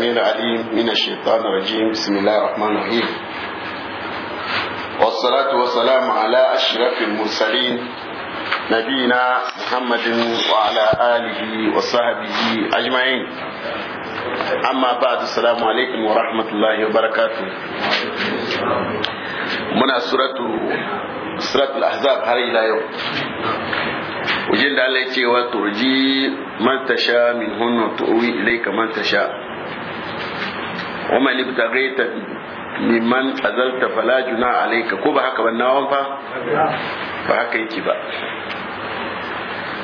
السميع العليم من الشيطان الرجيم بسم الله الرحمن الرحيم والصلاة والسلام على أشرف المرسلين نبينا محمد وعلى آله وصحبه أجمعين أما بعد السلام عليكم ورحمة الله وبركاته من سورة سورة الأحزاب هري لا يوم وجند عليك تيوى ترجي من تشاء منهن وتؤوي إليك من تشاء ومن ابتغيت ممن أزلت فلا جناح عليك كوبا هكا بالنوم فا فهكا ba.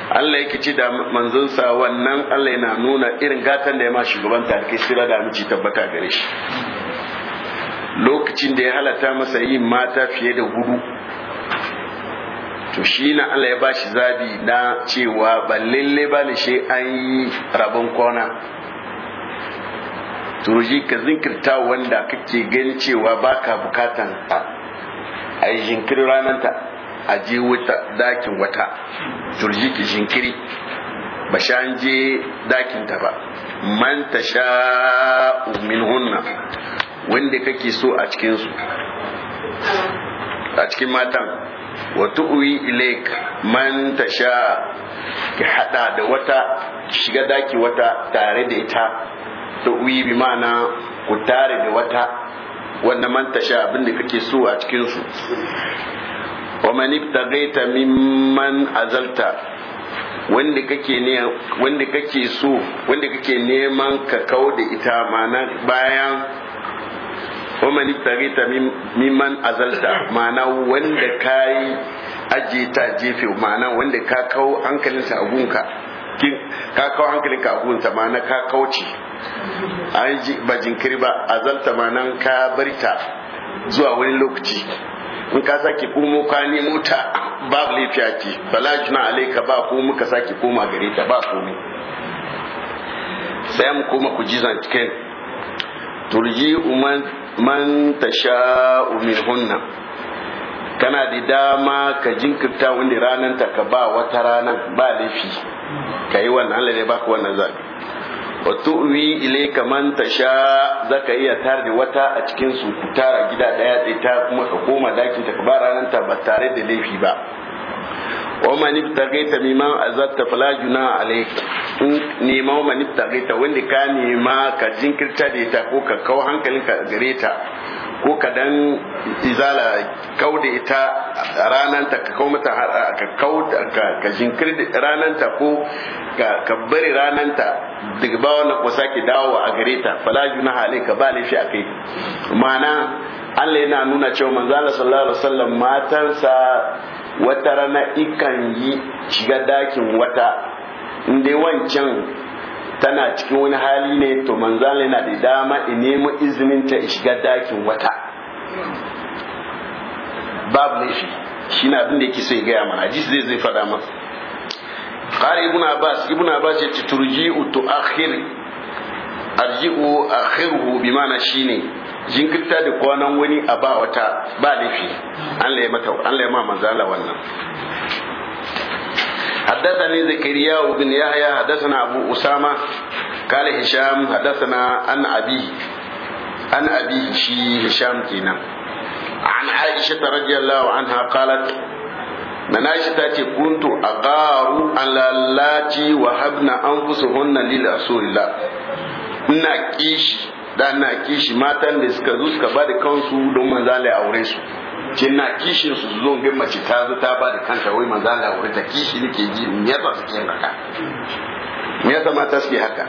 Allah yake ce da manzonsa wannan Allah yana nuna irin gatan da ya ma shugaban tarihi sira da ci tabbata gare shi lokacin da ya halatta masa yin mata fiye da hudu to shi na Allah ya bashi zabi na cewa ba lalle ba ne shi an yi rabon kwana to ka zinkirta wanda kake gan cewa baka bukatan a yi shinkiri rananta a je wata dakin wata turji ki shinkiri ba sha an je dakin ta ba man ta sha umin hunna wanda kake so a cikin su a cikin matan wata uyi ilek man ta sha ki hada da wata shiga daki wata tare da ita tuwi bi ma'ana ku tare da wata wanda man tasha abin da kake so a cikin su wa man ibtagaita mimman azalta wanda kake ne wanda kake so wanda kake neman ka kawo da ita ma'ana bayan wa man ibtagaita mimman azalta ma'ana wanda kai aje ta jefe ma'ana wanda ka kawo hankalinsa a gunka ka kawo hankalin ka abun ta na ka kauce an ji ba jinkiri ba azalta ma nan ka barita zuwa wani lokaci in ka sake komo ka nemo ta babu lafiya ce bala juna alaika ba ko muka sake koma gare ta ba komai sai mu koma ku jizan cikin turji umman man tasha'u minhunna kana da dama ka jinkirta wani ta ka ba wata ranan ba laifi ka yi wannan Allah ne ba ku wannan zabi wa tu'wi ilayka man tasha zaka iya tare da wata a cikin su ku tara gida daya sai ta kuma ka koma dakin ta ba ranar ta ba tare da laifi ba wa man ibtagaita mimman azatta fala juna alayka in ma man ibtagaita wanda ka nema ka jinkirta da ita ko ka kawo hankalinka gare ta ko kadan izala da ita rananta ka kau mata ka kau ka jinkir rananta ko ka bari rananta daga ba wannan ko sake dawo a gare ta fala juna alai ka ba laifi kai. ma'ana Allah yana nuna cewa Allah sallallahu alaihi wasallam matansa wata rana ikan yi shiga dakin wata inda wancan tana cikin wani hali ne to manzan yana da dama in nemo izinin ta shiga dakin wata babu ne shi na abin da yake sai gaya mana hadisi zai zai fada masa qari ibn abbas ibn abbas ya utu akhir arji'u akhiruhu bi ma'ana shine jinkirta da kwanan wani a ba wata ba laifi an ya mata Allah ya ma manzala wannan حدثني زكريا بن يحيى حدثنا أبو أسامة قال هشام حدثنا عن أبيه عن أبيه شي هشام كينا عن عائشة رضي الله عنها قالت من عائشة كنت أقار على اللاتي وهبن أنفسهن لرسول الله ina kishi da na kishi matan da suka zo suka ba da kansu don manzala ya aure su ce na kishin su zo ga mace ta zo ta ba da kanta wai manzo Allah wuri ta kishi nake ji me yasa suke haka me yasa mata suke haka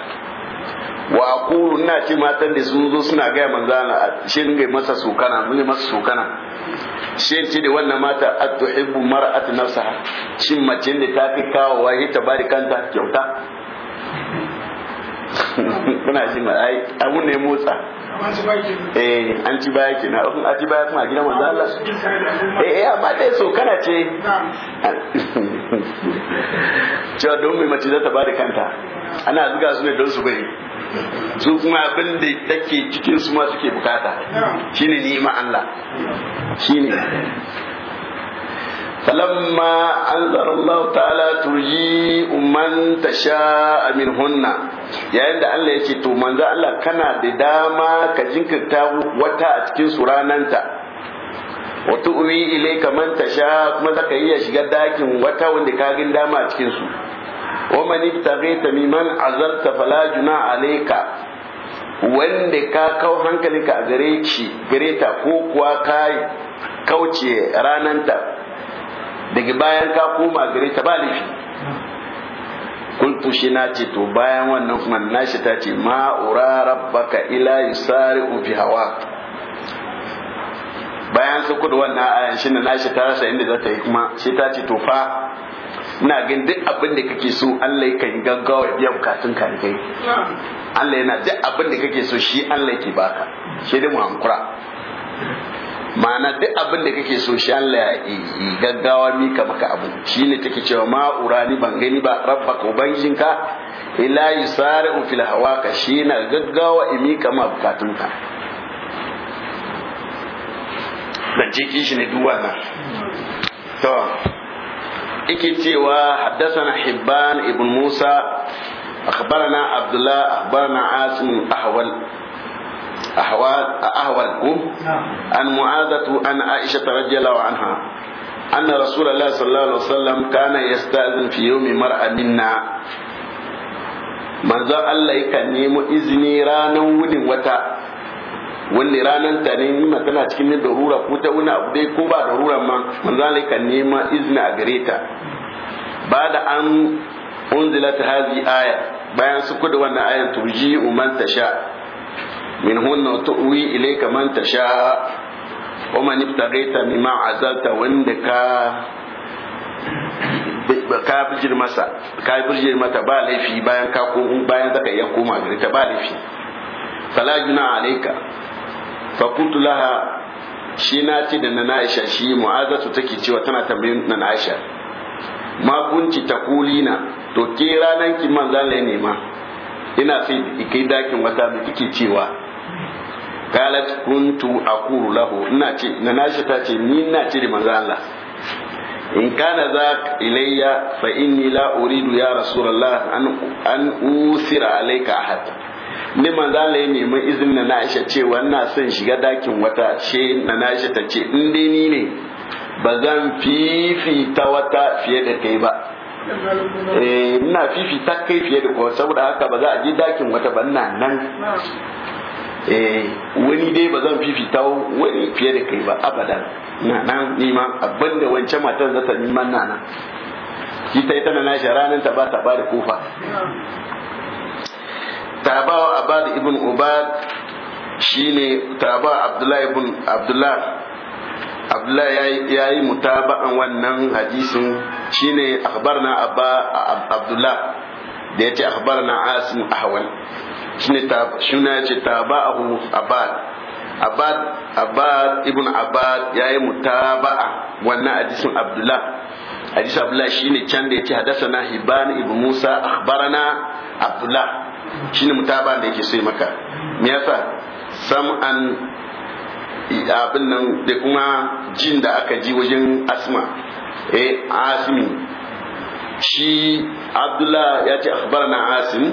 wa aqulu ina ce matan da sun zo suna ga manzo Allah shi ne masa sokana mun masa sokana shi ce da wannan mata atuhibbu mar'atu nafsaha shin mace da ta fi kawo wai ta ba da kanta kyauta kuna ji ma ai abun ne motsa eh an ci baya ke na a ci baya kuma gidan manzo Allah eh eh amma dai so kana ce cewa don mai mace za ta bada kanta ana zuga su ne don su bai. su kuma abin da take cikin su ma suke bukata shine ma Allah shine فلما أنذر الله تعالى ترجي من تشاء منهن yayin da Allah ya ce to manzo Allah kana da dama ka jinkirta wata a cikin su rananta wa tu'mi ilayka man tasha kuma zaka iya shiga dakin wata wanda ka gin dama a cikin su wa man ibtaghaita mimman azalta fala juna alayka wanda ka kau hankalinka a gare shi gare ta ko kuwa ka kauce rananta daga bayan ka koma gare ta ba laifi kultu shi na ce to bayan wannan kuma na shi ta ce ma'ura rabbaka ila yusari fi hawa bayan su kudu wannan ayan shi na shi ta rasa inda za ta yi kuma shi ta ce to fa ina gan duk abin da kake so Allah yakan gaggawa biya bukatun ka kai Allah yana duk abin da kake so shi Allah yake baka shi dai mu hankura ma'ana duk abin da kake so shi Allah ya yi gaggawa ka maka abu shine take cewa ma urani ban gani ba rabbaka ka ila yusari'u fil hawaka shine gaggawa ka ma ka dan ce kishi ne duk wannan to yake cewa haddathana hibban ibn musa akhbarana abdullah akhbarana asim ahwal ahwal ko an mu'adatu an aisha radiyallahu anha anna rasulullah sallallahu alaihi wasallam kana yastazin fi yawmi mar'a minna manzo Allah yakan nemo izini ranan wunin wata Wani ranan ta ne nima tana cikin darura ko ta wani abu dai ko ba darura ma manzo Allah yakan nema izini a gare ta ba da an ta hazi aya bayan su kudu wannan ayan turji ta sha. min hunna tu'wi ilayka man tasha wa man ibtaghaita mimma azalta wanda ka ka bijir masa ka bijir mata ba laifi bayan ka ko bayan zaka iya koma gare ta ba laifi fala juna alayka fa qultu laha shi na ce da na Aisha shi mu'azatu take cewa tana tambayin na Aisha ma kunci ta kulina to ke ranan ki manzan ne ma ina sai kai dakin wata da kike cewa qalat kuntu aqulu lahu ina ce na nashi ta ce ni ina ce da manzo Allah in kana za ilayya fa inni la uridu ya rasulullah an an usira alayka ahad ni manzo Allah ya nemi izinin na Aisha cewa ina son shiga dakin wata she na Aisha ta ce in dai ni ne ba zan ta wata fiye da kai ba ina fifita kai fiye da kowa saboda haka ba za a je dakin wata ba ina nan Eh, wani dai ba zan fifita wani fiye da kai ba abadan na nan nima abin da wancan matan zata nima na nan ta ita na nashi ranar ta ba ta ba da kofa tabawa abad ibn ubad shine tabawa abdullahi ibn abdullah abdullahi ya yi mutaba'an wannan hadisin shine akhbarna abba abdullahi da yace na asim ahwal shine ya ce abu abad abad abad ibn abad ya yi mutaba'a wannan hadisin abdullah hadisin abdullah shine can da ya ce hadasana hiban ibn musa akhbarana abdullah shine mutaba'a da yake sai maka me yasa sam'an abin nan da kuma jin da aka ji wajen asma eh asmi shi abdullah ya ce akhbarana asim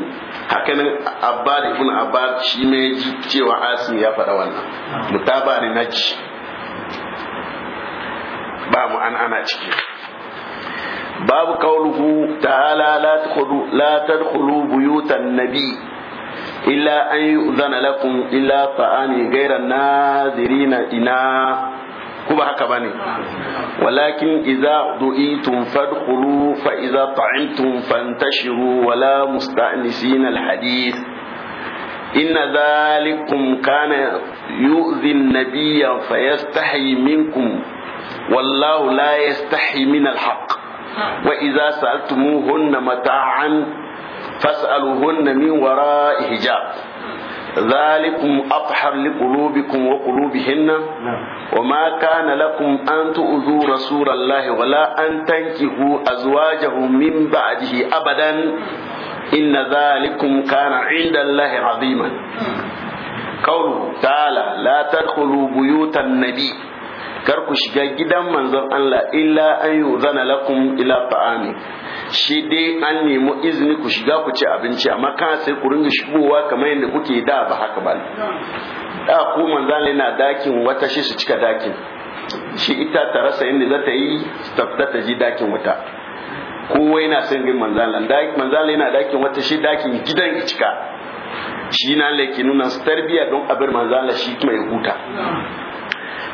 hakanin abbad ibn abbad shi ne ji cewa asim ya faɗa wannan mutaba ne na ji ba mu an ana ciki babu kauluhu ta'ala la tadkhulu la tadkhulu buyutan nabi illa an yu'zana lakum illa ta'ani ghayra nadirina ina ko ba haka bane walakin idza du'itum fadkhulu fa idza ta'imtum fantashiru wala musta'nisin alhadith inna dhalikum kana yu'dhi an-nabiyya fayastahi minkum wallahu la yastahi min alhaq wa idza sa'altumuhunna mata'an fas'aluhunna min wara'i hijab ذلكم أطهر لقلوبكم وقلوبهن نعم. وما كان لكم أن تؤذوا رسول الله ولا أن تنكحوا أزواجه من بعده أبدا إن ذلكم كان عند الله عظيما قوله تعالى لا تدخلوا بيوت النبي kar ku shiga gidan manzon Allah illa an zana lakum ila ta'ami shi dai an nemi izini ku shiga ku ci abinci amma kan sai ku ringa shigowa kamar yadda kuke da ba haka ba da ku manzon yana dakin wata shi su cika dakin shi ita ta rasa inda za ta yi ta ta ji dakin wuta kowa yana son bin manzon Allah yana dakin wata shi dakin gidan cika shi na laiki nuna su tarbiya don abin Manzala shi mai huta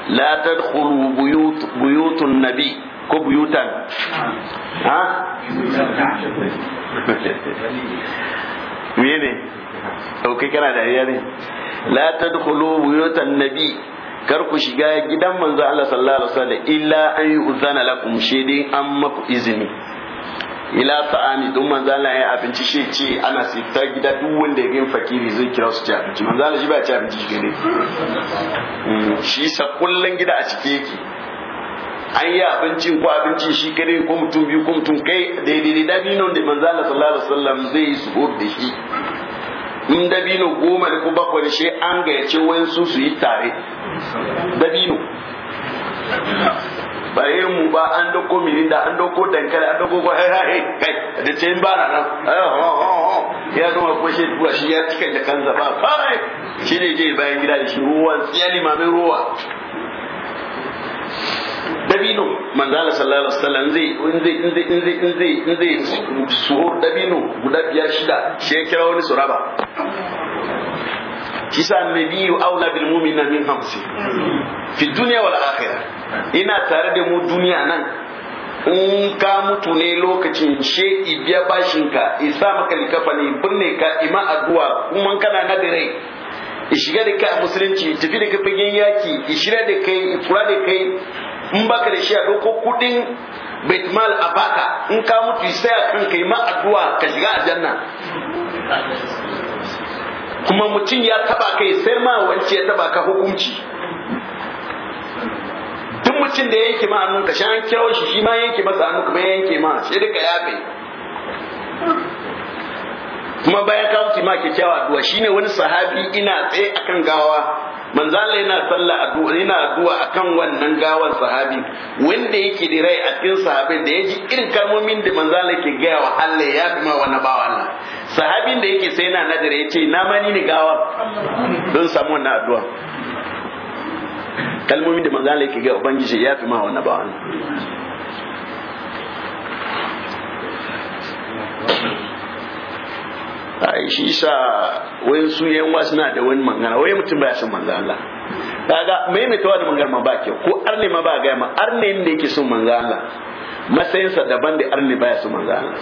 la tadkhulu nabi ko buyutan ha mene dauke kana da riya ne la kar ku shiga gidan manzo Allah sallallahu alaihi wasallam illa an yu'zana lakum shedin an maku izini ila ta'ami don manzo Allah ya abinci shi ce ana sita gida duk wanda ya fakiri zai kira su ci abinci manzo Allah shi ba ci abinci shi gane mm, shi sa kullun gida a cike yake an yi abincin ko abincin shi kare ko mutum biyu ko mutum kai daidai da dabino da manzo Allah sallallahu alaihi wasallam zai yi suhur da shi in dabino goma da ko bakwai shi an gayyace wayansu su yi tare dabino ba yi mu ba an dauko mirinda an dauko dankali an dauko ko hai eh, hai eh, kai da ce ba na nan eh, oh, oh, oh. ya zama kuma shi duwa shi ya cika da kansa ba fara shi ne je bayan gida da shi ruwa ma mai ruwa dabino manzala sallallahu alaihi wasallam zai in zai in zai in zai in zai in zai suhur dabino guda biyar shida shi ya kira wani suraba shi sa annabiyu aula bil mu'minina min hamsi fi dunya wal akhirah ina tare da mu duniya nan in ka mutu ne lokacin she ibiya bashinka isa maka likafa binne ka ima addu'a kuma kana na da rai shiga da kai a musulunci tafi da kai fagen yaki ishira da kai fura da kai in baka da shi a ɗauko kuɗin baitmal a baka in ka mutu sai a kan kai ma ka shiga aljanna kuma mutum ya taba kai sai ma wance ya taba ka hukunci duk mutum da yanke ma hannun ka shan kirawo shi shi ma yanke masa hannu kuma yanke ma sai duka yafe kuma bayan kawo ma kyakkyawa addu'a shine wani sahabi ina tsaye akan gawa Manzala yana sallah addu'a yana addu'a akan wannan gawan sahabi wanda yake da rai a cikin sahabi da yaji irin kalmomin da Manzala yake gaya wa Allah ya fi ma wani bawa Allah sahabin da yake sai yana nadira yace na mani ni gawa don samu wannan addu'a kalmomin da Manzala yake gaya ubangiji ya fi ma wani bawa Allah shi sa wayan su yan wa suna da wani mangana wai mutum baya son manzo Allah kaga mai mai tawa da mangar ma ba ke ko arne ma ba ga ma arne ne yake son manzo Allah sa daban da arne baya son manzo Allah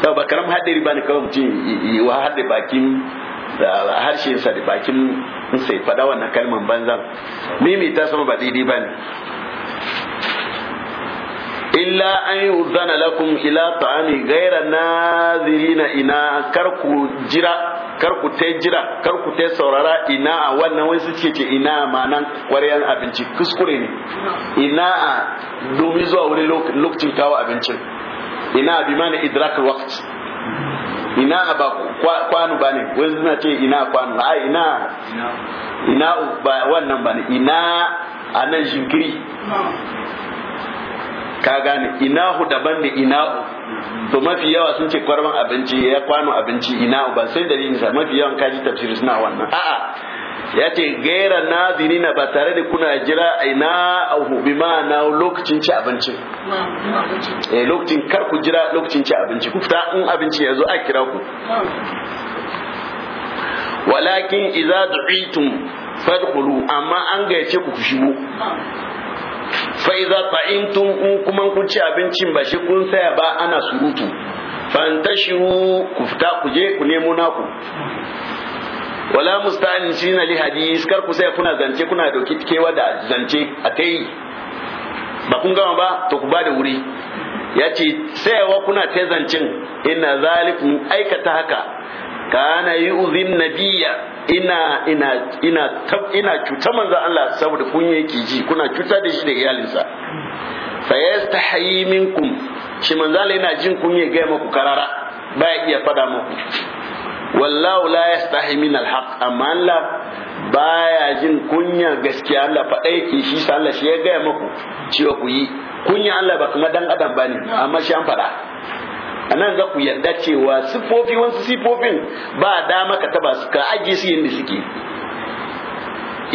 to ba karam hadari ba ne kawai mutum yi wa hada bakin sa da bakin sai fada wannan kalman banzan mimi ta sama ba daidai ba ne illa an yuzana lakum ila ta'ami gaira nazirina ina kar ku jira kar ku ta jira ina a wannan ina manan abinci kuskure ina a wani lokacin kawo abincin ina bi mana ina ba kwanu ba ne ina kwanu a ina ina ba wannan ba ina a nan shinkiri ka gane inahu daban da ina'u to mafi yawa sun ce kwarban abinci ya kwano abinci ina'u ba sai dalilin sa mafi yawan kaji tafsiri suna wannan a'a ya ce gaira nazirina ba tare da kuna jira ina ahu bi ma'ana lokacin ci abinci eh lokacin kar ku jira lokacin ci abinci ku fita in abinci ya zo a kira ku walakin idza du'itum fadkhulu amma an gayyace ku ku shigo fa idza ta'imtum in kuma kun ci abincin ba shi kun saya ba ana surutu fantashiru ku fita ku je ku nemo naku wala musta'anisina li hadis kar ku sai kuna zance kuna dauki kewa da zance a kai ba kun gama ba to ku bada wuri Yace, ce sayawa kuna ta zancen ina zalikum aikata haka kana uzin nabiya ina ina ina ina cuta manzo Allah saboda kun yake ji kuna cuta da shi da iyalinsa Fa yastahi minkum shi manzo Allah yana jin kun yake ga muku karara baya iya fada muku wallahu la yastahi min alhaq amma Allah baya jin kunya gaskiya Allah dai yake shi sa shi ya gaya muku cewa ku yi kunya Allah ba kuma dan adam bane amma shi an faɗa a nan za ku yarda cewa sifofi wasu sifofin ba dama ka taba su ka ajiye su yadda suke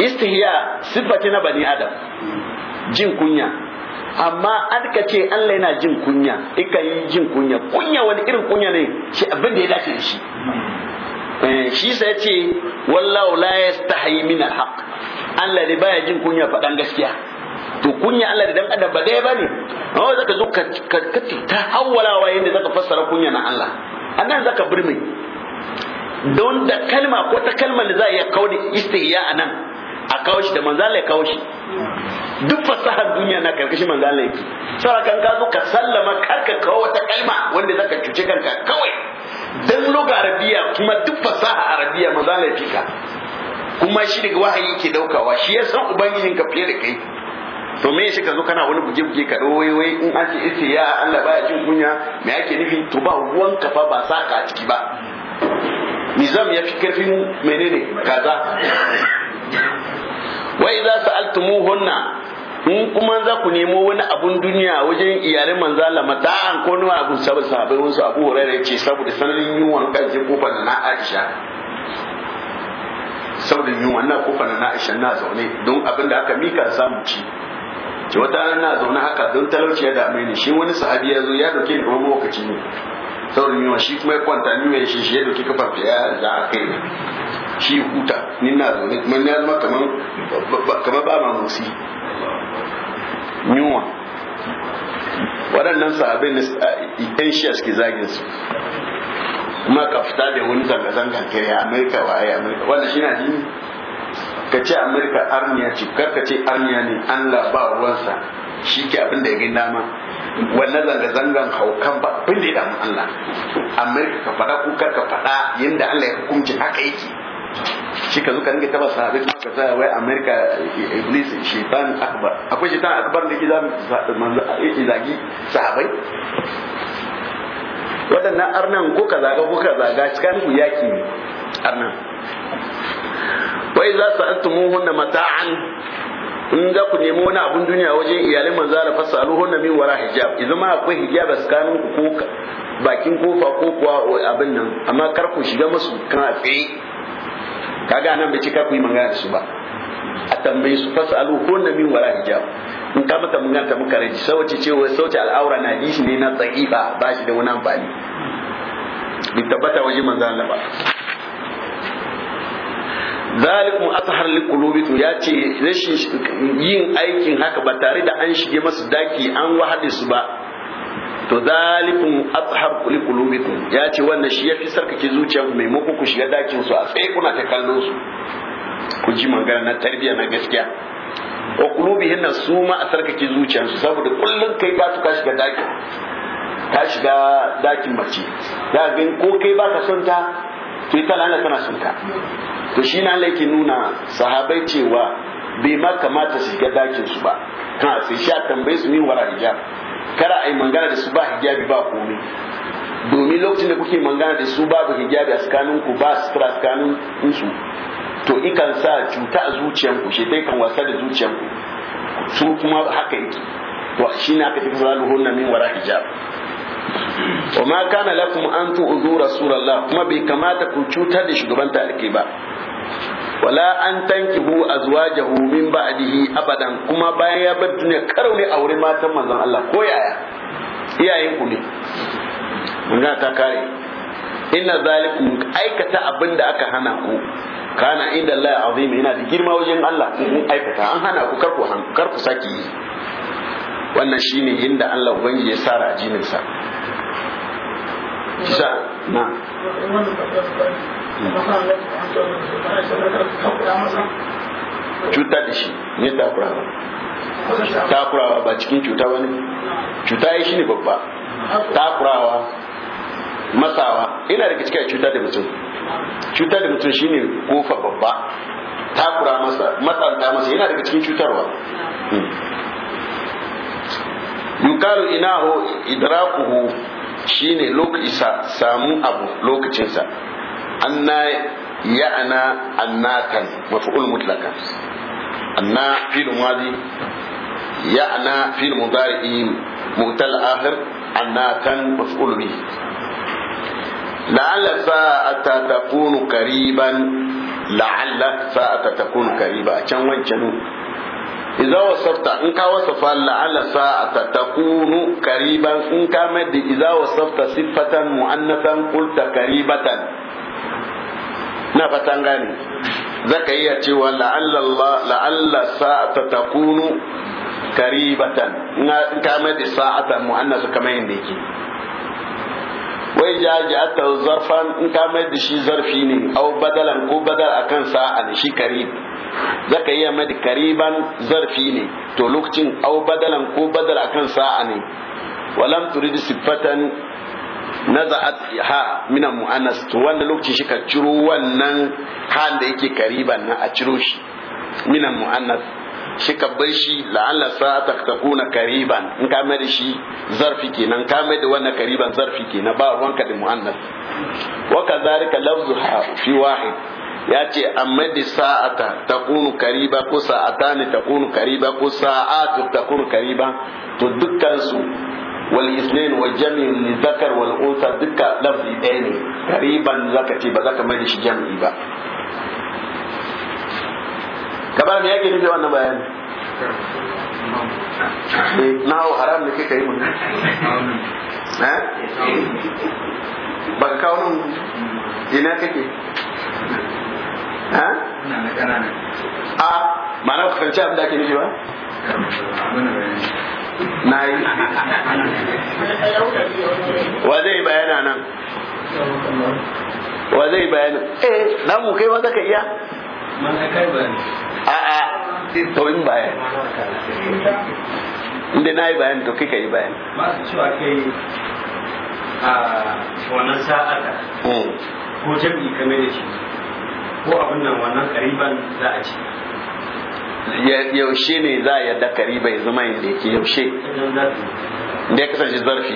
istihya sifati na bani adam jin kunya amma an ka ce Allah yana jin kunya ika yi jin kunya kunya wani irin kunya ne shi abin da ya dace da shi eh, shi sai ce wallahu la yastahi min alhaq Allah ne baya jin kunya faɗan gaskiya to kunya Allah da dan adam ba dai bane amma zaka zo ka ka ta hawalawa yanda zaka fassara kunya na Allah annan zaka birme don da kalma ko ta kalmar da za a iya kawo da istihya anan a kawo shi da manzala ya kawo shi duk fasahar duniya na karkashin manzala yake saboda kan ka zo ka sallama kar ka kawo wata kalma wanda zaka cuce kanka kawai dan lugha arabiya kuma duk fasaha arabiya manzala ya fika kuma shi daga wahayi yake daukawa shi ya san ubangijin ka fiye da kai to me shi ka zo kana wani buge buge ka wai wai in an ce ita ya Allah baya jin kunya me ake nufi to ba ruwan kafa ba saka a ciki ba nizam ya fi karfin menene kaza wa idza sa'altumuhunna in kuma za ku nemo wani abun duniya wajen iyalin manzala lamata an ko nawa abun sabu sahabai wasu abu hurairah ce saboda sanarin yunwan karshe kofar na Aisha saboda yunwa na kofar na Aisha na zaune don abin da aka mika samu ci ce wata rana na zaune haka don talauci ya dame ni shi wani sahabi ya zo ya dauke ni kuma lokaci ne saurin yiwa shi kuma ya kwanta ni mai shi shi ya dauke kafar ta ya za kai kai shi huta ni na zaune kuma ya zama kamar ba ma musi yunwa waɗannan sahabin na ɗan shi a suke zagin su kuma ka fita da wani zanga zanga kare a amurka wa ya amurka wannan shi na jini? ka ce amerika armiya ce kar ka ce armiya ne an ba ruwansa shi ke abin da ya gina dama wannan zanga-zangan haukan ba abin da ya damu allah amerika ka faɗa ko kar ka faɗa yadda allah ya hukunci haka yake shi ka zo ka ringa taba sahabi ka tsaya wai amerika iblis shaitan akbar akwai shaitan akbar da ke za mu zagi sahabai waɗannan arnan ko ka zaga ko ka zaga cikin yaki ne arnan wai za su an mata mata'an in za ku nemi wani abun duniya wajen iyalin manzo Allah hunna min wara hijab idan ma akwai hijab tsakanin ku ko bakin kofa ko kuwa abin nan amma kar ku shiga musu kana tsaye kaga nan bai ce ka ku yi magana da su ba a tambaye su hunna min wara hijab in ka maka mun ta muka rage sauce ce wai sauce al'aura na shi ne na tsaki ba ba shi da wani amfani bi tabbata waje manzo Allah ba zalikum athhar liqulubikum ya ce rashin yin aikin haka ba tare da an shige masu daki an wahade su ba to zalikum athhar liqulubikum ya ce wannan shi yafi sarkake zuciyar maimako ku shiga dakin su a tsaye kuna ta kallo su ku ji magana na tarbiyya na gaskiya wa qulubihin su ma a sarkake zuciyar su saboda kullun kai ka tuka shiga dakin ka shiga dakin mace da ko kai baka son ta to ita lana tana son ka to shi na yake nuna sahabai cewa bai ma kamata su ga dakin su ba ha sai sha tambaye su ni wara hijab a ai mangana da su ba hijabi ba komai domin lokacin da kuke mangana da su babu hijabi a tsakanin ku ba sutura tsakanin su to ikan sa cuta a zuciyanku shi dai kan wasa da zuciyanku su kuma haka yake to shi na aka tafi zalu na min wara hijab wa ma kana lakum an tu'zu rasulullah kuma bai kamata ku cutar da shugaban talike ba wala an tankihu azwajahu min ba'dihi abadan kuma bayan ya bar duniya karo ne aure matan manzon Allah ko yaya iyayen ku ne mun ta kare inna zalikum aikata abin da aka hana ku kana inda Allah azim yana da girma wajen Allah in aikata an hana ku kar ku kar ku saki wannan shi ne inda Allah ubangiji ya sa rajinin sa kisa na cutar da shi ne takurawa takurawa ba cikin cuta ba ne cuta ya shi ne babba takurawa masawa ina da cikin cuta da mutum cutar da mutum shine kofa babba takura masa matsanta masa yana daga cikin cutarwa hmm. yukalu inahu idrakuhu shine isa samu abu lokacinsa anna ya'ana annatan maf'ul mutlaqan anna fil madi ya'na fil mudari mutal akhir annatan maf'ul bi la'alla sa'ata takunu qariban la'alla sa'ata takunu qariba a can wancan idza wasafta in ka wasafa la'ala sa'ata takunu qariban in ka mai da idza wasafta sifatan mu'annatan qulta qaribatan na fatan gane zaka iya cewa la'alla Allah la'alla sa'ata takunu qaribatan in ka mai da sa'ata mu'annas kamar yanda yake wai ja ja'ata zarfan in ka mai shi zarfi ne au badalan ko badal akan sa'a shi qarib zaka iya mai kariban zarfi ne to lokacin au badalan ko badal akan sa'a ne walam turid sifatan naza'at ha min mu'annas to wannan lokacin shi ka ciro wannan han da yake kariban na a ciro shi Minan mu'annas shi ka bar shi la'alla sa'ata takuna kariban in ka mai da shi zarfi kenan ka mai da wannan kariban zarfi kenan ba ruwanka da mu'annas wa kadhalika lafzu ha fi wahid ya ce amma da sa'ata ta kunu kariba ko sa'ata ne ta kunu kariba ko sa'atu ta kunu kariba to dukkansu wal isnin wa jami'in li zakar wal unsa dukka lafzi ɗaya ne kariban ka ce ba zaka mai da shi jami'i ba kaba me yake nufi wannan bayani eh, na haram ne kika yi mun eh? ba ka kawo nan ina kake a ma'ana ba fahimci abin da ake nufi ba na yi wa zai bayana nan wa zai bayana eh na namu kai ma zaka iya a'a to in bayan inda na yi bayan to kika yi bayan masu cewa kai a wannan sa'ada hmm. ko jami'i kame da shi ko abin nan wannan kariban za a ci yaushe ne za a yadda kariba ya zama yadda yake yaushe da ya kasance zarfi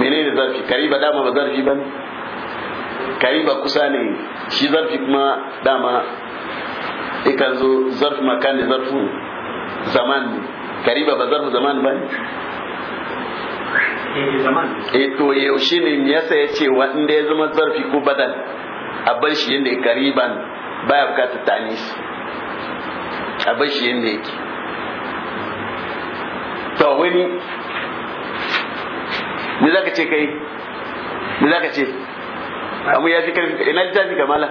menene zarfi kariba dama ba zarfi ba ne kariba kusa ne shi zarfi kuma dama ikan zo zarfi makan ne zarfu zaman ne kariba ba zarfu zaman ba ne e to yaushe ne yasa ya ce wanda ya zama zarfi ko badal a bar shi yadda kariban baya bukatar tanis a bashi yadda yake to wani ni ka ce kai ni ka ce amma ya fi karfi ina ga mala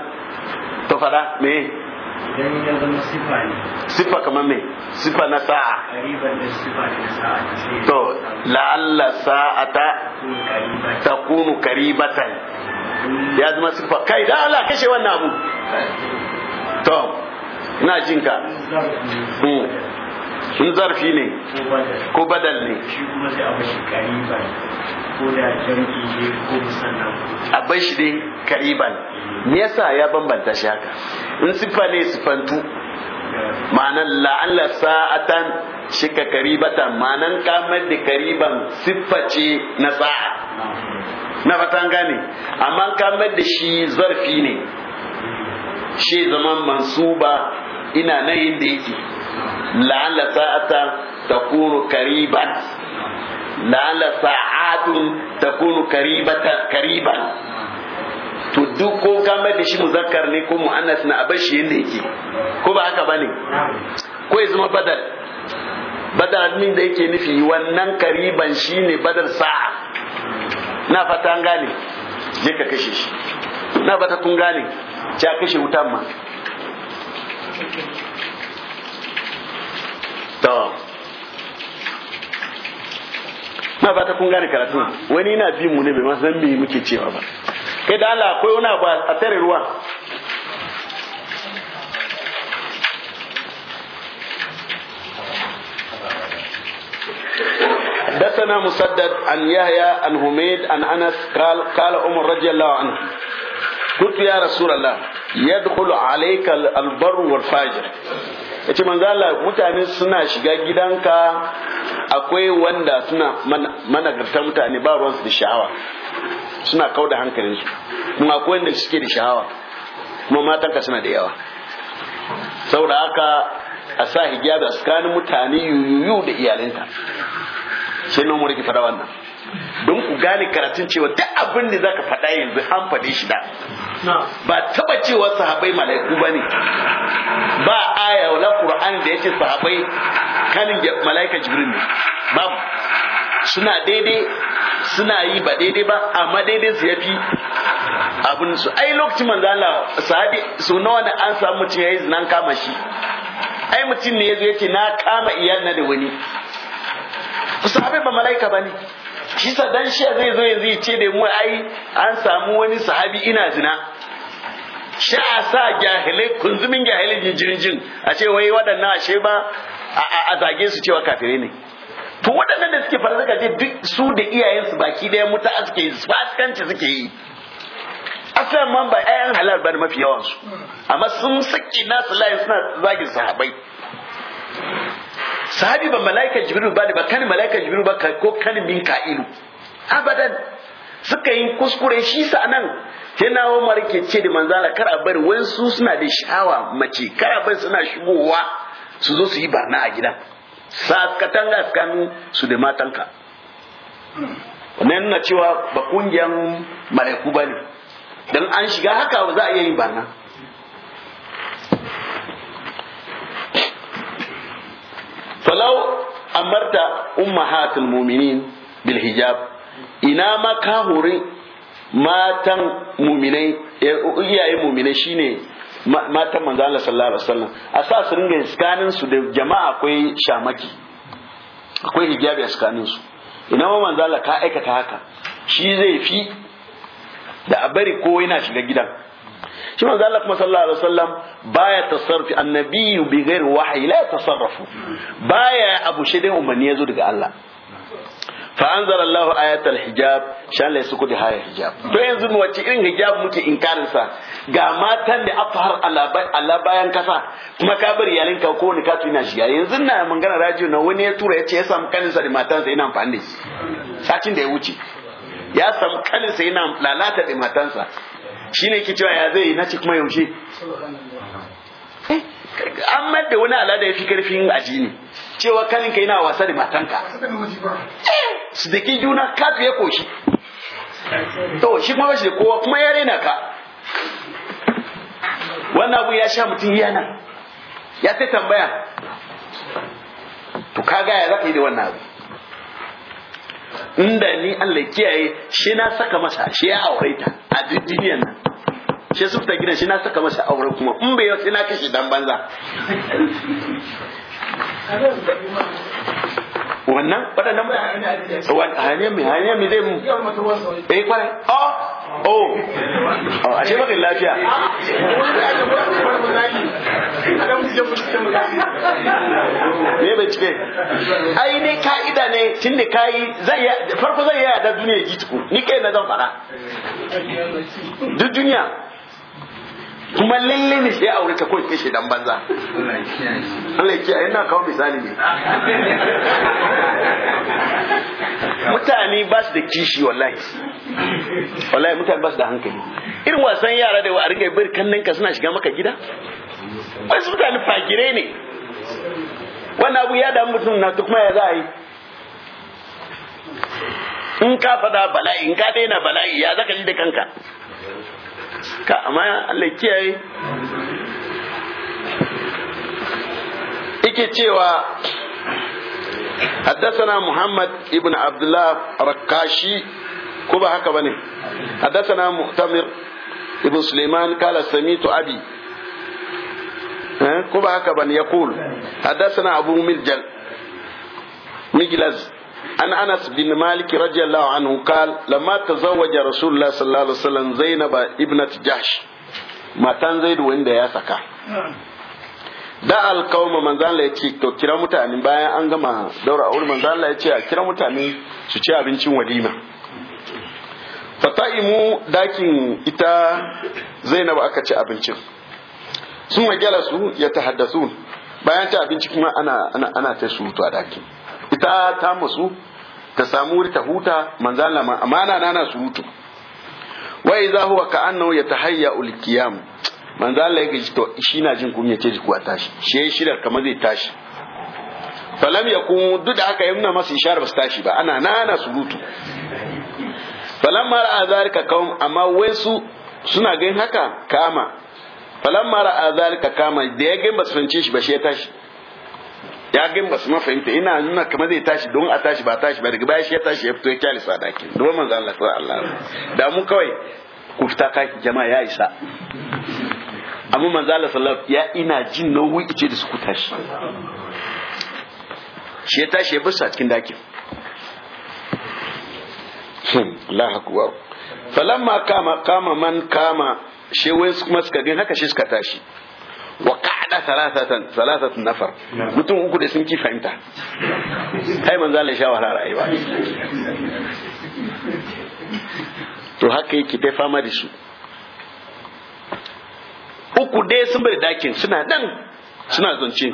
to fara me idan ya zama sifa ne sifa kamar me sifa na sa'a ƙariban da sifa ne sa'a to la'alla ta kunu ƙaribatan mm. ya zama sifa kai da Allah kashe wannan abu to ina jin ka in hmm. zarfi ne ko badal ne a bai shi ne kariban me yasa ya bambanta shi haka in siffa ne siffantu ma'anan la'alla sa'atan ka karibata ma'anan kamar da kariban siffa ce na sa'a na fatan gane amma kamar da shi zarfi ne shi zama mansuba ina nan inda yake la'alla sa'ata takunu kariban la'alla sa'atun takunu karibatan kariban to duk ko kama da shi muzakkar ne ko mu'annas na abashi yanda yake ko ba haka bane ko ya zama badal badal min da yake nufi wannan kariban shine badal sa'a na fata an gane je ka kashe shi na fata kun gane ta kashe wutan ma to na fata kun gane karatun wani na bi mu ne bai ma san me muke cewa ba kai da Allah akwai wani abu a tare ruwa حدثنا مسدد عن يحيى عن حميد عن انس قال قال عمر رضي الله عنه Kutu قلت يا رسول الله يدخل عليك البر والفاجر yace manzo Allah mutane suna shiga gidanka akwai wanda suna managarta mutane ba ruwansu da sha'awa suna kauda hankalinsu kuma akwai wanda suke da sha'awa kuma matanka suna da yawa saboda haka a sa hijabi tsakanin mutane yuyuyu da iyalinta sai nan mu rike fara wannan don ku gane karatun cewa duk abin da zaka faɗa yanzu an faɗe shi da ba taba cewa sahabai mala'iku bane ba aya wala qur'ani da yake sahabai kanin mala'ika jibril ne babu suna daidai suna yi ba daidai ba amma daidai su yafi abin su ai lokacin manzo Allah sahabi so nawa ne an samu mutum yayi zinan kama shi ai mutum ne yazo yace na kama iyalina da wani sahabai ba mala'ika bane kisa dan shi zai zo yanzu ya ce da mu ai an samu wani sahabi ina zina shi a sa jahilai kunzumin jahilai jinjirin a ce wai waɗannan ashe ba a zage su cewa kafirai ne to waɗannan da suke fara zaka duk su da iyayensu baki ɗaya muta suke yi fasikanci suke yi asalin man ba 'ya'yan halal ba mafi yawansu amma sun saki nasu layin suna zagin sahabai sahabi ba malaika jibril ba ne ba kan malaika jibril ba ko kanin minka'ilu abadan suka yi kuskure shi Sai na Umar ke ce da manzala kar a bari wasu suna da sha'awa mace kar a bari suna shigowa su zo su yi barna a gidan sakatan kan su da matanka wannan nuna cewa ba kungiyan malaiku ba ne Dan an shiga haka ba za a iya yin barna falau amarta ummahatul mu'minin bil hijab ina ma ka hori matan mu'minai eh, iyaye mu'minai shine matan manzo Allah sallallahu alaihi wasallam a sa su ringa iskanin su da jama'a akwai shamaki akwai hijabi a iskanin su ina ma manzo Allah ka aikata haka shi zai fi da a bari ko yana shiga gidan shi manzo Allah kuma sallallahu alaihi wasallam baya tasarrufi annabiyyu bi ghairi wahyi la tasarrafu baya abu shi dai yazo daga Allah fa anzala Allah al hijab shan la yasku da haya hijab to yanzu mu wace irin hijab muke inkarin sa ga matan da afhar Allah bayan kasa kuma ka bar iyalin ka ko ni ka tuna shiga yanzu na magana radio na wani ya tura yace ya samu kanin sa da sa yana amfani da shi sacin da ya wuce ya samu kanin sa yana lalata da matansa shine ke cewa ya zai nace kuma yaushe eh, an da wani alada ya fi karfin ne. cewa kaninka yana wasa da matanka eh, su da ki juna kafi ya koshi to shi kuma bashi da kowa kuma ya rena ka wannan abu ya sha mutum yana ya ta tambaya to ka gaya za ka yi da wannan abu inda ni Allah kiyaye shi na saka masa shi ya aure ta a duniyan nan shi su fita gidan shi na saka masa aure kuma in bai yau sai na kashe dan banza wannan waɗannan hanyar mai hanyar mai zai mu eh kwarai ah, oh oh oh ashe baka lafiya me bai cike ai ne ka'ida ne tun da kayi farko zai yada duniya ji tuku ni kai na zan fara duk duniya kuma lalle ne sai aure ta kawai kashe dan banza Allah ya shi Allah ina kawo misali ne mutane ba su da kishi wallahi wallahi mutane ba su da hankali irin wasan yara da a ringa bari kannan ka suna shiga maka gida su mutane fakirai ne wannan abu ya damu mutum na kuma ya za a yi in ka fada bala'i in ka daina bala'i ya zaka ji da kanka ka amma Allah kiyaye yake cewa haddasana Muhammad ibn Abdullah Rakashi ko ba haka bane haddasana Mu'tamir ibn Suleiman kala samitu abi eh, ko ba haka bane yaqul haddasana Abu Miljal Miglaz an anas bin malik radiyallahu anhu qal lamma tazawwaja rasulullah sallallahu alaihi wasallam zainaba ibnat jahsh matan zaid wanda ya saka da alkauma manzo Allah ya ce to kira mutane bayan an gama daura aure manzo Allah ya ce a kira mutane su ci abincin walima fata'imu dakin ita Zainab aka ci abincin sun magela su ya tahaddasun bayan ta abinci kuma ana ana ana ta surutu a dakin ita ta musu ta samu ta huta manzan Allah ma amana nana surutu wa idza huwa ya yatahayya al-qiyam manzan Allah yake to shi na jin kunya ce jikuwa tashi shi yayi shirar kamar zai tashi falam yakun duk da aka yi nuna masa ishar ba su tashi ba ana nana surutu Falam mara a zalika kawun amma wasu suna ganin haka kama Falam mara a kama da ya gani ba su fahimce shi ba shi ya tashi ya gan ba su ma fahimta ina nuna kamar zai tashi don a tashi ba tashi ba daga baya shi ya tashi ya fito ya kyale daki don manzo Allah sallallahu Allah da mu kawai ku fita ka jama'a ya isa amma manzo Allah sallallahu alaihi ya ina jin nauyi ice da su ku tashi shi ya tashi ya bar su a cikin dakin hmm, la hakwa falamma kama kama man kama shi su kuma suka gani haka shi suka tashi wa qa'ada salasatan salasatan nafar mutum uku da sun ki fahimta kai manzo Allah ya shawara rayuwa to haka yake ta fama da su uku dai sun bari dakin suna dan suna zance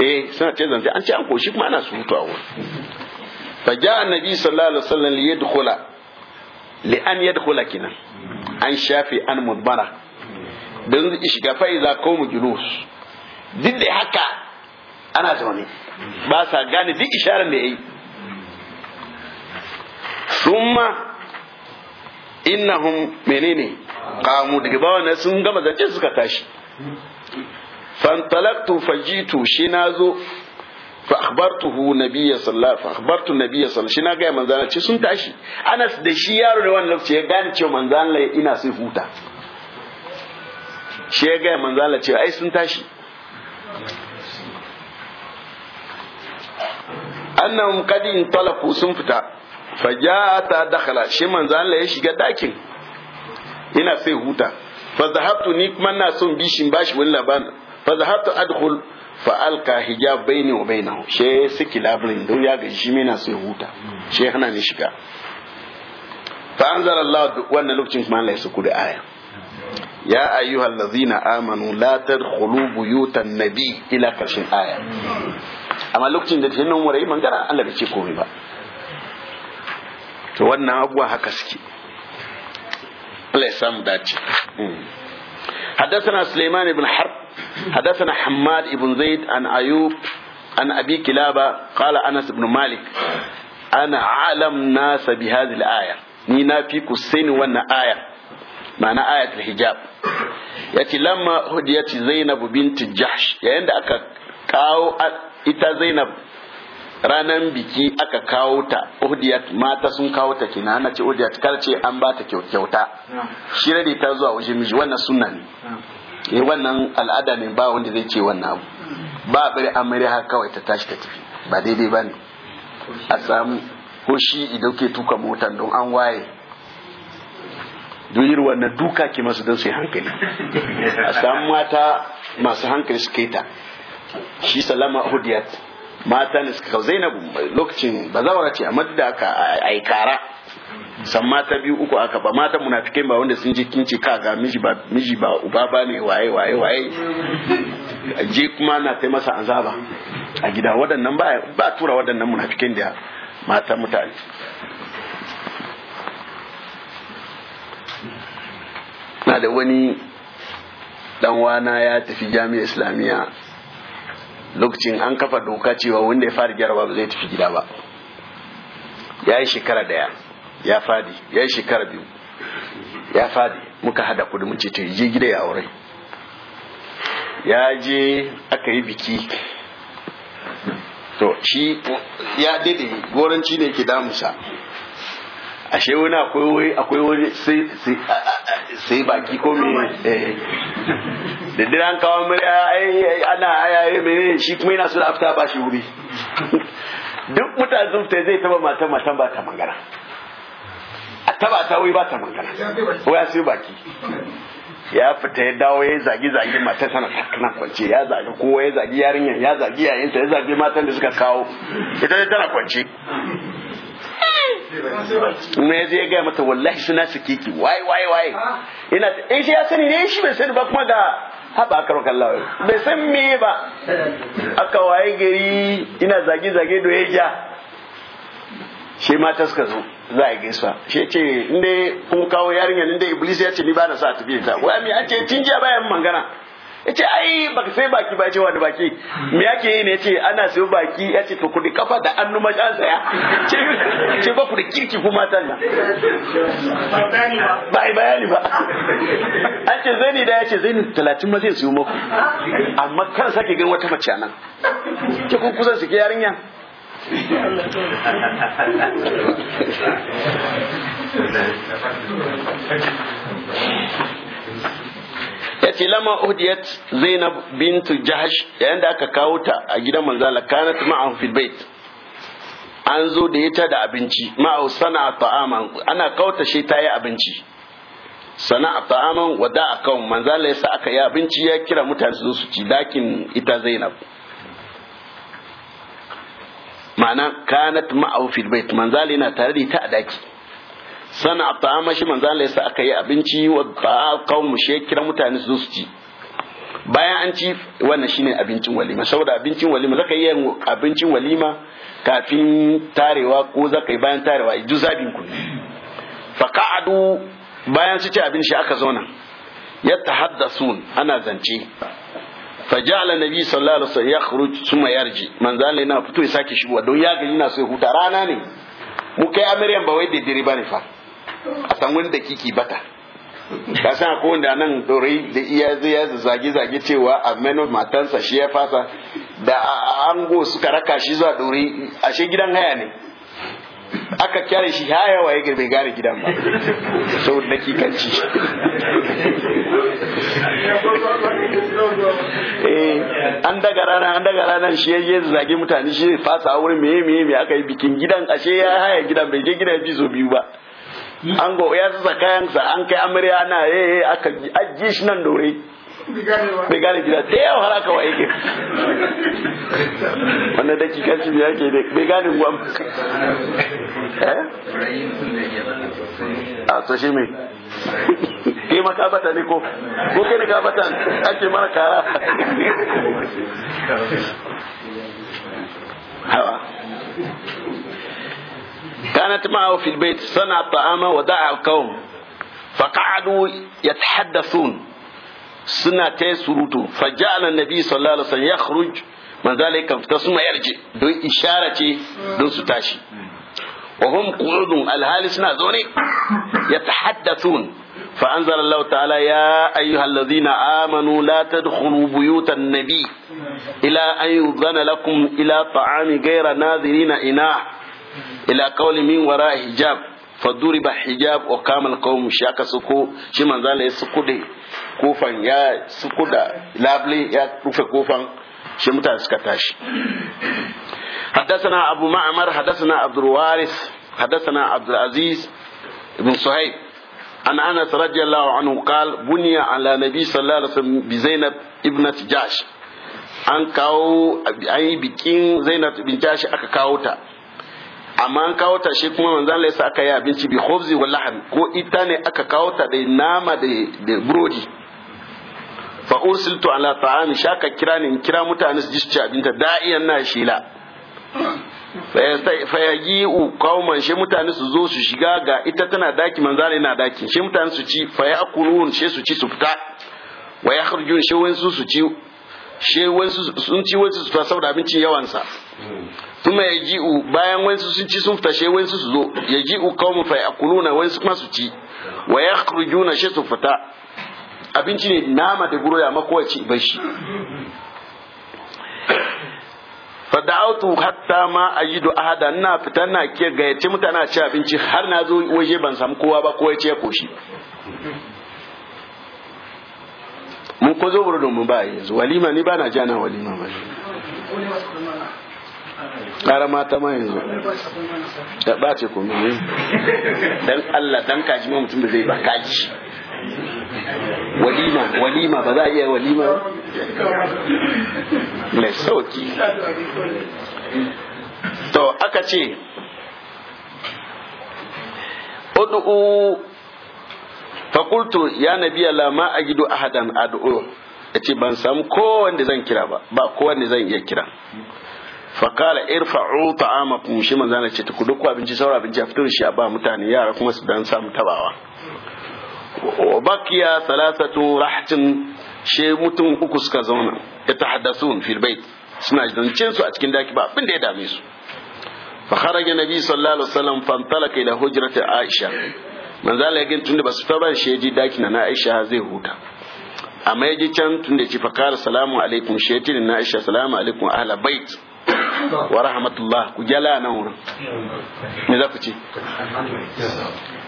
eh suna ce zance an ce an koshi kuma ana surutu a wurin fa ja annabi sallallahu alaihi wasallam li yadkhula li an yadkhula kina an shafi an mudbara don shiga fa'iza ko mu junus duk da haka ana zaune ba sa gane duk isharar da ya yi summa innahum menene kamu daga bawa na sun gama zance suka tashi fantalaktu fajitu shi na zo fa akhbartuhu nabiyya sallallahu fa akhbartu nabiyya sallallahu shi na ga manzana ce sun tashi Anas da shi yaro ne wannan lokaci ya gane cewa manzana ina sai huta shi ya gaya Allah cewa ai sun tashi annahum qad intalaqu sun fita faja'ata dakhala shi Allah ya shiga dakin ina sai huta fa zahabtu ni kuma na son bishin bashi wani labarin fa zahabtu adkhul fa alqa hijab baini wa bainahu she siki labirin don ya ga shi na sai huta she hana ni shiga fa anzala Allah wannan lokacin kuma Allah ya saku da aya يا أيها الذين آمنوا لا تدخلوا بيوت النبي إلى كرشين آية أما لوكتين da tinnan murai mangara Allah bai ce komai ba to wannan abuwa haka suke Allah ya samu dace حدثنا سليمان بن حرب حدثنا حماد بن زيد عن أيوب عن أبي كلابة قال أنس بن مالك أنا أعلم ناس بهذه الآية نينا فيكم سين وانا آية ma'ana ayatul hijab yace lamma hudiyati zainab binti jahsh yayin da aka kawo ita zainab ranan biki aka kawo ta hudiyat mata sun kawo ta kina ana ce hudiyat kar ce an ba ta kyauta shi rade ta zuwa waje miji wannan sunna ne eh wannan al'ada ne ba wanda zai ce wannan abu ba bari amare har kawai ta tashi ta tafi ba daidai ba ne a samu ko shi idan ke tuka motan don an waye don wannan duka ke masu don su yi hankali a samu mata masu hankali su yi ta shi salama hudiyat mata ne suka kawai zainabu lokacin ba wara ce a da aka aikara san mata biyu uku aka ba mata munafikai ba wanda sun je kinci ka ga miji ba miji ba uba ba ne waye waye waye je kuma na ta masa azaba a gida waɗannan ba ba tura waɗannan munafikai da mata mutane na da wani ɗanwana ya tafi jami'a islamiyya lokacin an kafa doka cewa wanda ya fara gyara ba zai tafi gida ba ya yi shekara daya ya fadi ya yi shekara biyu ya fadi muka hada kudi mun ce to je gida ya aure ya je aka yi biki to shi ya dade goranci ne ke damusa ashe wani akwai wani akwai wani sai baki ko me eh, eh. da diran kawo murya ana ayaye mene shi kuma yana so da afta ba shi wuri duk mutane sun fita zai taba matan matan ba ta magana a taba ta wai ba ta magana wai sai baki ya fita ya dawo ya zagi zagi mata sana tana kwance ya zagi kowa ya zagi yarinya ya zagi yayinta ya zagi matan da suka kawo ita tana kwance me ya je ya gaya mata wallahi suna sake kiki waye waye waye ina in shi ya sani ne shi bai sani ba kuma ga haba akar rokan bai san me ba aka waye gari ina zage zage da ja shi ma suka zo za a gaisa shi ce inda kuma kawo yarinyar inda iblis ya ce ni ba na sa tafiya ta waya me ce tun jiya bayan mangana yace ai baka sai baki ba yace wani baki me yake yi ne yace ana sai baki yace to kudi kafa da annu ma an saya ce ce ba kudi kirki kuma tan nan bai bayani ba an ce zani da yace zani 30 ma zai sayo muku amma kan sake gan wata mace nan ke kun kusa ke yarinya Thank you. ce lama uhdiyat zainab bintu jahash yayin da aka kawo ta a gidan manzala kanat ma'a fil bait an zo da ita da abinci ma'a sana ta'aman ana ta shi ta yi abinci sana ta'aman wada akan Allah yasa aka yi abinci ya kira mutane su su ci dakin ita zainab ma'ana kanat ma'a fil bait manzala yana tare da ita a daki sana ta'ama shi manzo Allah yasa aka yi abinci wa qaum shi kira mutane su su ci bayan an ci wannan shine abincin walima saboda abincin walima zaka yi abincin walima kafin tarewa ko zaka yi bayan tarewa idu zabin ku fa qa'adu bayan su ci abinci aka zauna yatahaddasun ana zance فجعل النبي صلى الله عليه وسلم يخرج ثم يرجع من ذا لنا فتو يساكي ya دون يا غني ya huta, rana ne mu kai amaryan ba wai da ba ne fa a san wanda kiki bata ka san ko wanda nan dorai da iya ya zage zage cewa a menu matansa shi ya fasa da ango suka raka shi zuwa dorai ashe gidan haya ne aka kyare shi haya waye bai gane gidan ba sau dakikanci eh an daga rana an daga ranar shi yaje zage mutane shi fasa wurin meye meye me aka yi bikin gidan ashe ya haya gidan bai je gidan bi so biyu ba an go ya sa kayansa an kai amarya na eh, eh aka ajje shi nan dore bai gane gida da yawa har aka waye ke wannan da kika shi ya ke bai gane gwam eh? a so shi me ke ma ka bata ne ko ko ke ne ka bata ake mara kara hawa كانت معه في البيت صنع الطعام ودعا القوم فقعدوا يتحدثون صنع تيسروتو فجعل النبي صلى الله عليه وسلم يخرج من ذلك ثم يرجع دون إشارة دون ستاشي وهم قعدوا الهالسنا ذوني يتحدثون فأنزل الله تعالى يا أيها الذين آمنوا لا تدخلوا بيوت النبي إلى أن يظن لكم إلى طعام غير ناظرين إناه ila qawli min wara hijab faduriba hijab o kamal qawm shi aka suko shi manzo Allah ya sukude kofan ya da labli ya rufe kofan shi suka tashi حدثنا أبو معمر حدثنا عبد الوارث حدثنا عبد العزيز Ibn صهيب عن أنس رضي الله عنه قال بني على نبي صلى الله عليه وسلم بزينب ابنة an kawo a yi bikin zainab bin jash aka kawo ta amma an kawo ta shi kuma manzan laisa aka yi abinci bi khubzi wa lahm ko ita ne aka kawo ta da nama da burodi fa ursiltu ala ta'am shaka kira ni in kira mutane su ji abinta da'iyan na shila fa u qauman shi mutane su zo su shiga ga ita tana daki manzan Allah yana daki shi mutane su ci fa ya'kulun shi su ci su fita wa yakhrujun shi wani su su ci she wasu sun ci wasu su fita saboda abincin yawansa kuma ya ji'u bayan wasu sun ci sun fita she wasu su zo ya ji'u kawun fa yakuluna wasu kuma su ci wa yakhrujuna shi su fita abinci ne nama da guro ya makowace shi. fada'autu hatta ma ajidu ahada ina fita na ke gayyace mutane a ci abinci har na zo waje ban samu kowa ba ko ya ya koshi mun ko zo burudin mu ba yanzu walima ni bana na ja na walima ba kara mata ma yanzu da ba ce kuma ne dan Allah dan kaji ma mutum da zai ba kaji walima walima ba za a iya walima ne sauki to aka ce udu fakultu ya nabi a ma a hadan ahadan ad'u yace ban samu kowanne zan kira ba ba kowanne zan iya kira fakala irfa'u ta'amakum shi manzo na ce ta ku duk abinci saura abinci a fitar shi a ba mutane yara kuma su dan samu tabawa wa bakiya thalathatu rahtin she mutum uku suka zauna yatahaddasun fil bait suna cin su a cikin daki ba abin da ya dame su fa kharaja nabi sallallahu alaihi wasallam fantalaka ila hujrati aisha manzala ya gani tunda basu su fita ba shi ya je daki na Aisha zai huta amma ya je can tunda ci fakara salamu alaikum shi na Aisha salamu alaikum ahla bait wa rahmatullah ku jala nan wurin me za ku ce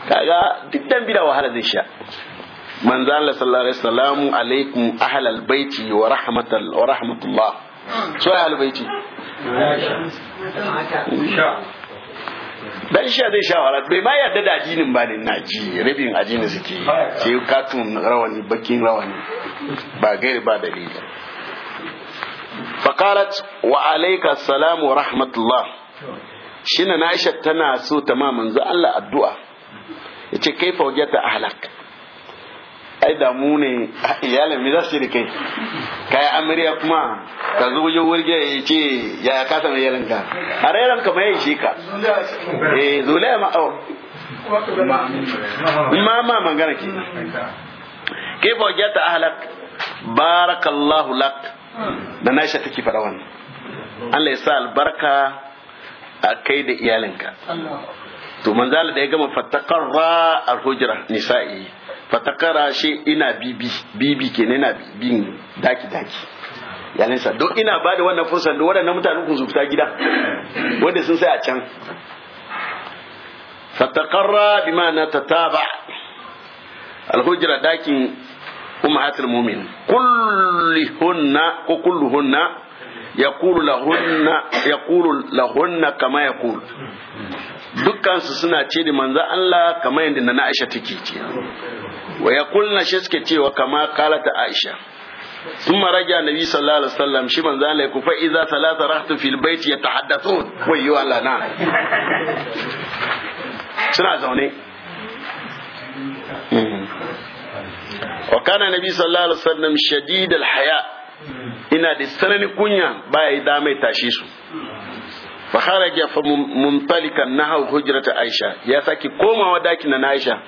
kaga duk dan bida wahala zai sha manzo Allah sallallahu alaihi wasallam alaikum ahlal albayt wa rahmatullah wa rahmatullah so ahla baiti dan shi zai sha wahala bai ma yarda da addinin ba ne na rabin addini suke sai katun rawani bakin rawani ba gairi ba dalili faqalat wa alayka assalam wa rahmatullah na Aisha tana so ta ma manzo Allah addu'a yace kaifa wajata ahlak ai da mu ne iyalin mi za su ce ka yi amarya kuma ka zo wajen wurge ya ce ya ka san iyalin ka a rairan ka mai shi ka eh zule ma au oh. ma ma magana ke kaifa ta ahlak barakallahu lak da nasha take fara wannan Allah ya sa albarka a kai da iyalinka to manzala da ya gama fattakarra hujra nisa'i fatakara shi ina bibi bibi ke nena bin daki daki yalinsa don ina ba da wannan da waɗannan mutane kun fita gida wanda sun sai a can fatakara bi ma'ana tataba alhujra dakin ummahatul mu'min kullihunna ko kulluhunna yaqulu lahunna yaqulu lahunna kama yaqulu dukkansu suna ce da manzo Allah kamar yadda na Aisha take ce wa yaqulna shi suke cewa kama kalata Aisha ثم رجع النبي صلى shi عليه وسلم شي من ذلك فإذا ثلاثة رحت في البيت يتحدثون ويو الله نعم suna zaune hmm. wa kana nabi sallallahu alaihi wasallam shadid alhaya ina da sanani kunya ba ya yi dame tashe su fa kharaja fa muntalikan nahaw hujrata aisha ya saki komawa dakin na aisha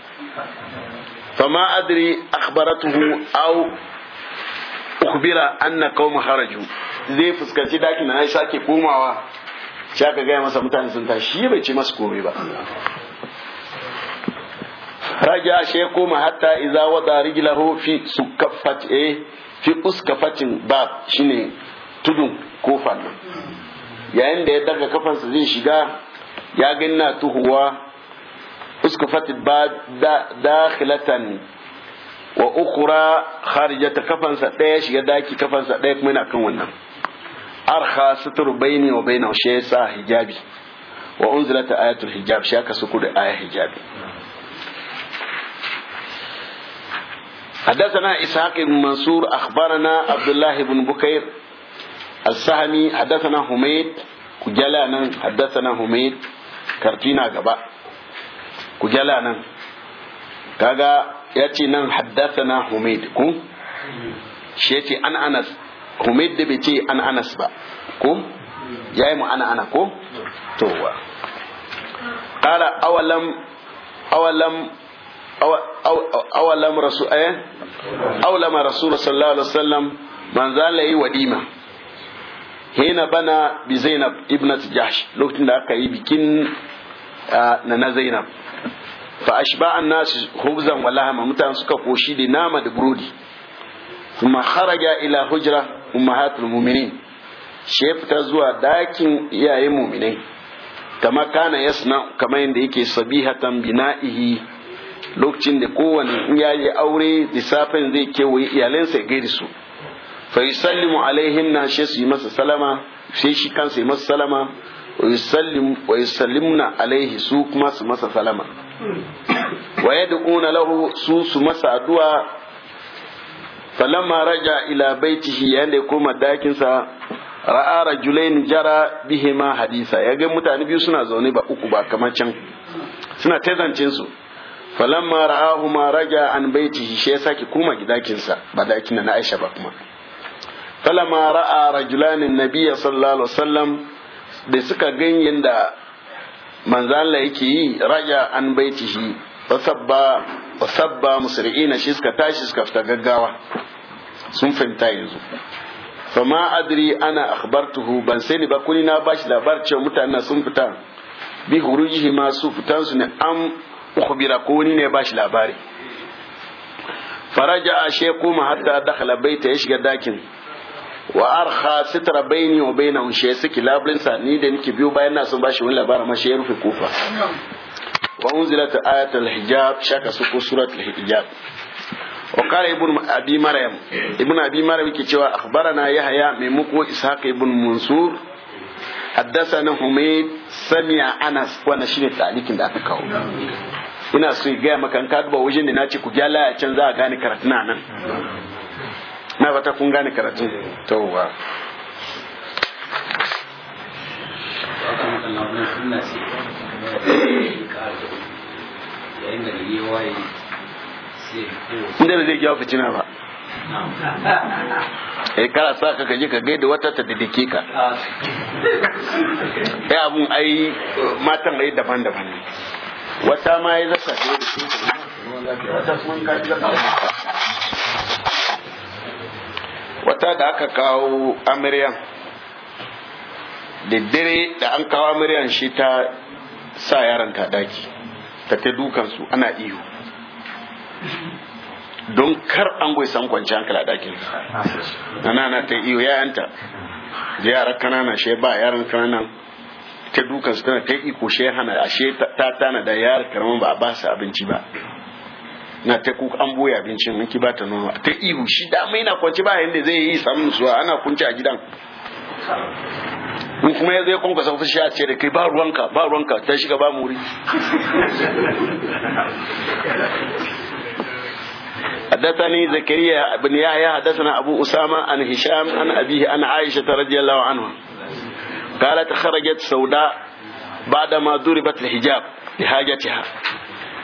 fama adri akhbaratuhu aw ukhbira anna qaum kharaju zai fuskanci dakin na aisha ke komawa Sha aka gaya masa mutane sun tashi shi bai ce masa komai ba raja shi koma hatta iza wada rijlahu fi sukaffat fi uskafatin bab shine tudun kofar yayin da ya daga kafansa zai shiga ya ganna tuhuwa uskafat dakhilatan wa ukhra kharijata kafansa daya shiga daki kafansa daya kuma yana kan wannan arha sutur baini wa baina shi sa hijabi wa unzilat ayatul hijab shi aka suku da ayat hijabi حدثنا إسحاق بن منصور أخبرنا عبد الله بن بكير السهمي حدثنا حميد كجلانا حدثنا حميد كرتينا غبا كجلانا كاغا ياتي نان حدثنا حميد كو شيتي أن انس حميد دي بيتي أن انس با كو جاي مو انا انا كو توا قال اولم اولم أولم أولم awalam rasu ayan aulama صلى الله عليه وسلم من ذا لي wadima hina bana bi zainab ibn jahsh lokacin da aka yi bikin na na zainab fa ashba an nas khubzan wa lahama mutan suka koshi da nama da burodi kuma kharaja ila hujra ummahatul mu'minin she fita zuwa dakin iyayen mu'minai kama kana yasna kama yanda yake sabihatan bina'ihi lokacin da kowane iyaye aure da safen zai kewaye iyalansa ya gaida su fa yusallimu na shi su yi masa salama shi shi kansa yi masa salama wa na alaihi su kuma su masa salama wa yad'una lahu su su masa addu'a falamma raja ila bai yayin da ya koma dakinsa ra'a rajulain jara bihe bihima hadisa yaga mutane biyu suna zaune ba uku ba kamar can suna tazancin su falamma ra'ahuma raja an bai baitihi shi ya sake koma gidakinsa ba dakin na Aisha ba kuma falama ra'a rajulanin nabiya sallallahu alaihi wasallam da suka ganyen da manzala yake yi raja an baitihi shi, wasabba musri'ina shi suka tashi suka fita gaggawa sun fahimta yanzu fama adri ana akhbartuhu ban sai ni ba kuni na bashi labar cewa mutanen sun fita bi hurujihi ma su fitan su ne an ukhbira ko wani ne bashi labari faraja shaykhuma hatta dakhala baita ya shiga dakin wa arha sitra baini wa bainahum shi suke sa ni da nake biyo bayan na sun bashi wani labarin ma shi ya rufe kofa wa unzilat al hijab shaka su ko al hijab wa qala ibn abi maryam ibn abi maryam ke cewa akhbarana yahya mai muku ishaq ibn mansur haddathana humayd Samia, Anas, وانا shine talikin da aka kawo ina so ga gaya maka an ka duba wajen da nace ku gyala a can za a gane karatuna nan na fata kun gane karatu tawwa eh. inda ba zai jawo fitina ba eh kara sa ka gaji ka gaida wata ta didike ka eh abun ai matan ai daban-daban ne wata ma ya zaka da wata kuma ka ji zaka mata da aka kawo amiryan da dare da an kawo amiryan shi ta sa yaran ta daki ta ta dukansu ana ihu don kar an goyi san kwanci hankali a dakin na, na ta ya yayanta da yara kanana shi ba yaran kanana ta dukansu tana ta iko shi hana ashe ta tana da yara karamin ba a ba su abinci ba na ta kuka an boye abincin mun ki bata nono ta ihu shi da mai na kwance ba yanda zai yi samun zuwa ana kunce a gidan in kuma ya zai kwanka sa fushi a ce da kai ba ruwanka ba ruwanka ta shiga ba muri حدثني زكريا بن يحيى حدثنا أبو أسامة عن هشام عن أبيه عن عائشة رضي الله عنها قالت خرجت سوداء بعدما ضربت الحجاب لحاجتها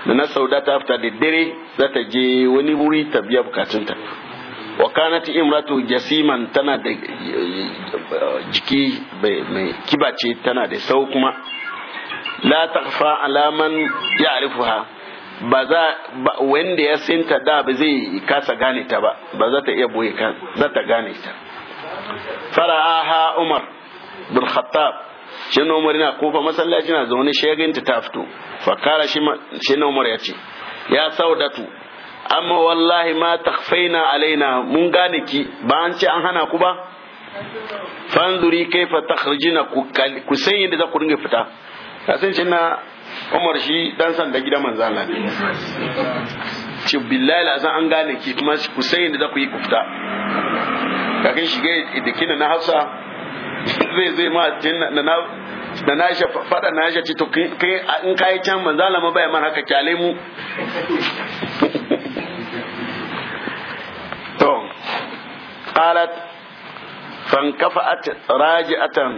da na sauda ta fita da dare za ta je wani wuri ta biya bukatunta wa ta imratu jasiman tana da eh, eh, jiki mai kibace tana da sau kuma la takfa alaman ya'rifuha ba za wanda ya sinta da ba zai kasa gane ta ba ba za ta iya boye kan za ta gane ta fara'aha umar bin khattab shi umar yana kofa masallaci na zaune shi ya ganta ta fito fakara shi umar ya ce ya saudatu amma wallahi ma takfaina alaina mun gane ki ba an ce an hana ku ba fanzuri fa takhrijina ku san yadda za ku dinga fita ka san shi na umar shi dan sanda gidan manzo Allah ne ci billahi san an gane ki kuma ku san yadda za ku yi ku fita kakin shige da kina na Hausa. zai zai ma na da na shi fada na shi ci to kai in kai can manzo Allah ma bai man haka kyale mu to qalat kafa'at raji'atan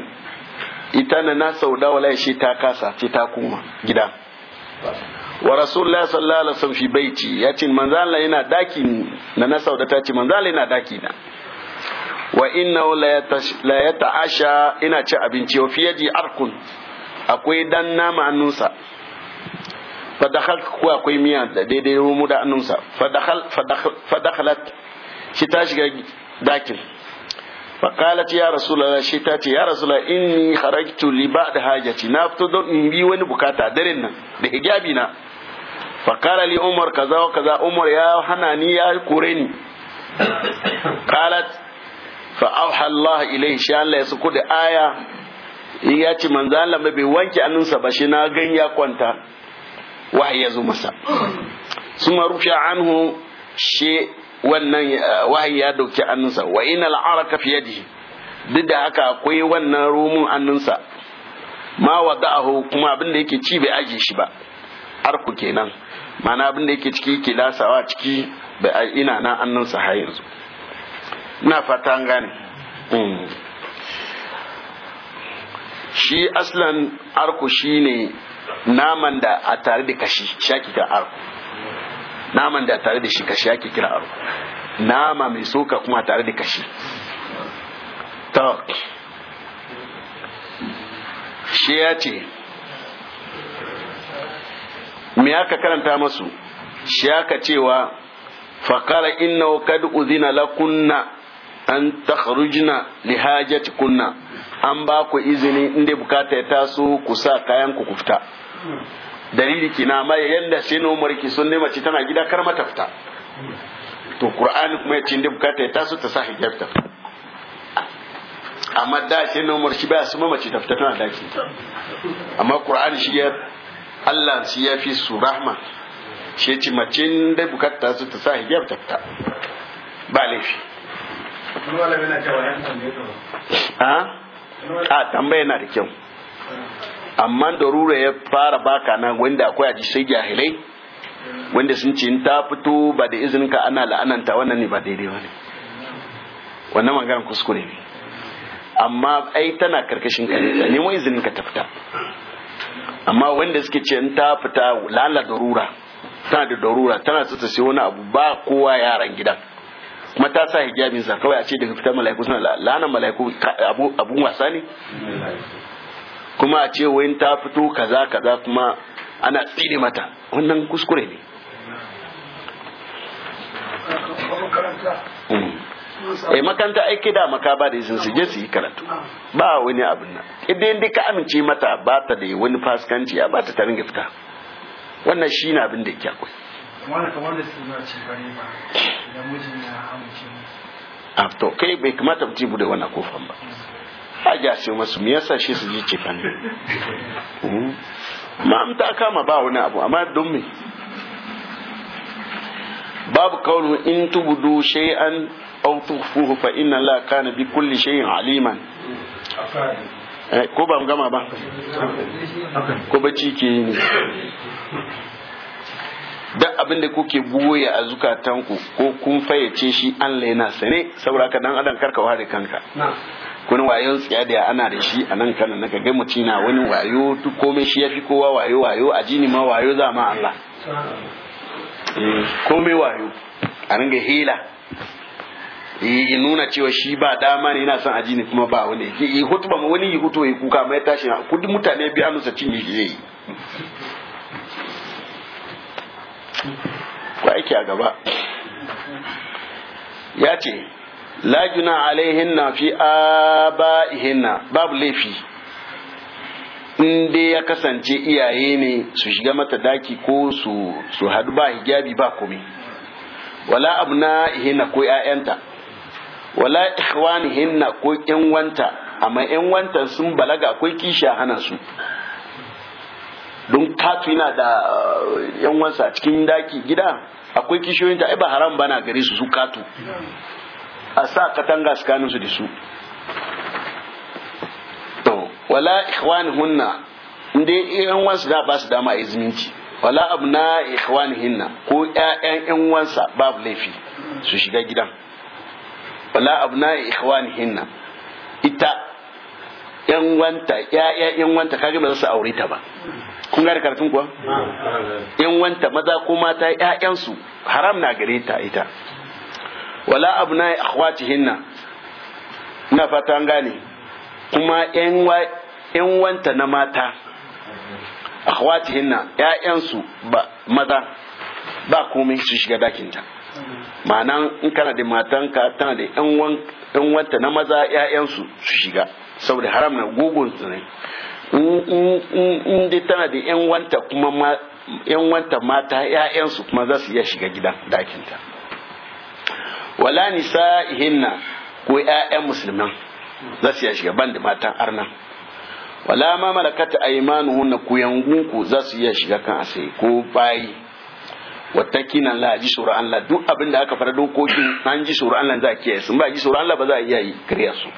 ita na na sauda wala shi ta kasa ce ta kuma gida wa rasulullah sallallahu alaihi wasallam fi baiti ya manzo Allah yana daki na na sauda ta ce manzo Allah yana daki na wa innahu la yata'asha ina ci abinci wa fiyaji arkun akwai dan nama annunsa fa dakhal ko akwai miya da daidai mu da annunsa fa dakhal fa dakhalat shi ta shiga dakin fa qalat ya rasulullah shi ta ce ya rasulullah inni kharajtu li ba'd hajati na fito don in bi wani bukata daren nan da hijabi na fa qala li umar kaza wa kaza umar ya hana ni ya kore ni qalat fa ilai Allah ilaihi shi Allah ya suku da aya ya ce manzo Allah bai wanke annunsa ba shi na ganya kwanta wahayi ya masa suma rufi anhu shi wannan eh, wahayi ya dauki annunsa wa inal araka fi yadihi duk da haka akwai wannan rumun annunsa ma wada'ahu kuma abin da yake ci bai aje shi ba arku kenan ma'ana abin da yake ciki kilasawa ciki bai ina na annunsa har yanzu na fata gane hmm. shi aslan arku ne naman da a tare da kashi shaki kira arku naman da a tare da shi kashi shaki kira arku nama mai soka kuma tare da kashi ta shi ya ce me aka karanta masu shi aka cewa fakara inna kad uzina lakunna an takharujna lihajati kunna an ba ku izini inda bukata ya taso ku sa kayan ku fita dalili kina mai yanda sai na umar ki sun mace tana gida kar mata fita to qur'ani kuma yace inda bukata ya taso ta sa hijab ta amma da sai na umar shi ba su mace ta fita tana daki amma qur'ani shi ya Allah shi ya fi su rahma shi ya ci mace inda bukata ta sa hijab ta fita ba laifi a ah, tambaya na da kyau amma darura ya fara baka nan wanda akwai aji sai jahilai wanda sun ce ta fito ba da izinin ka ana la'ananta wannan ne ba daidai ba ne wannan maganar kuskure ne amma ai tana karkashin ka ne nemo izinin ka ta fita amma wanda suke ce ta fita lala darura tana da darura tana so ta wani abu ba kowa yaran gidan kuma ta hijabin sa kawai a ce daga fitar mala'iku suna la'anar mala'iku abun wasa ne kuma a ce wayin ta fito kaza kaza kuma ana tsine mata wannan kuskure ne mm. eh makanta aiki da maka ba da izin suje su yi karatu ba wani abin nan idan dai ka amince mata ba ta da wani fasikanci ba ta ta ringa fita wannan shi na abin da yake akwai wani a to kai bai kamata mutum bude wannan kofan ba a ja sai masu me yasa shi su ji cefan hmm. ma am ta kama ba wani abu amma don me babu kaulu in tubudu shay'an aw tukhfuhu fa inna la kana bi kulli shay'in aliman eh, ko ba mu gama ba ko ba ciki ne da abin da kuke buya a zukatanku ko kun fayyace shi an laina sane saboda ka dan adam karka ware kanka kun wayo tsaya da ana da shi a nan kana naka ga mutum na wani wayo duk komai shi yafi kowa wayo wayo a jini ma wayo za ma Allah eh, komai wayo a ringa hila eh, yi nuna cewa shi ba dama ne yana son a jini kuma ba wani yi hutu ba wani yi hutu yi kuka mai tashi na. kudi mutane biya nusa cin yi zai yi ake a gaba ya ce lajuna alaihin na fi na babu laifi in ya kasance iyaye ne su shiga mata daki ko su su hadu ba hijabi ba kome wala abu na abnaihinna ko 'ya'yanta, wala ikhwanihinna ko yanwanta wanta amma 'yan wanta sun balaga akwai kisha hana su don katu yana da uh, 'yanwansa wansa cikin daki gida akwai kishiyoyin ta ba haram bana gare su su a sa katanga tsakanin su da su to wala hunna inda yan wasu da ba su dama a izminci wala abna ikhwanihinna ko ƴaƴan yan wansa babu laifi su shiga gidan wala abna ikhwanihinna ita yan wanta ya'ya yan wanta kage ba za su aure ta ba kun gane karatun kuwa yan wanta maza ko mata ƴaƴansu haram na gare ta ita wala abna akhwatihinna ina fatan gane kuma yan wanta na mata akhwatihinna ƴaƴansu ba maza ba komai su shiga ta ma'ana in kana da matanka tana da yan wanta na maza ƴaƴansu su shiga saboda haram na gugun su ne in dai tana da yan wanta kuma ma yan wanta mata ƴaƴansu kuma za su iya shiga gidan dakinta wala nisa'ihinna ko ƴaƴan musulman za su iya shiga ban da matan arna wala ma malakata aymanuhunna ku yangunku za su iya shiga kan asai ko bayi kina Allah ji tsoron Allah duk abin da aka fara dokokin an ji tsoron Allah za a kiyaye sun ba ji tsoron Allah ba za a iya yi kariya su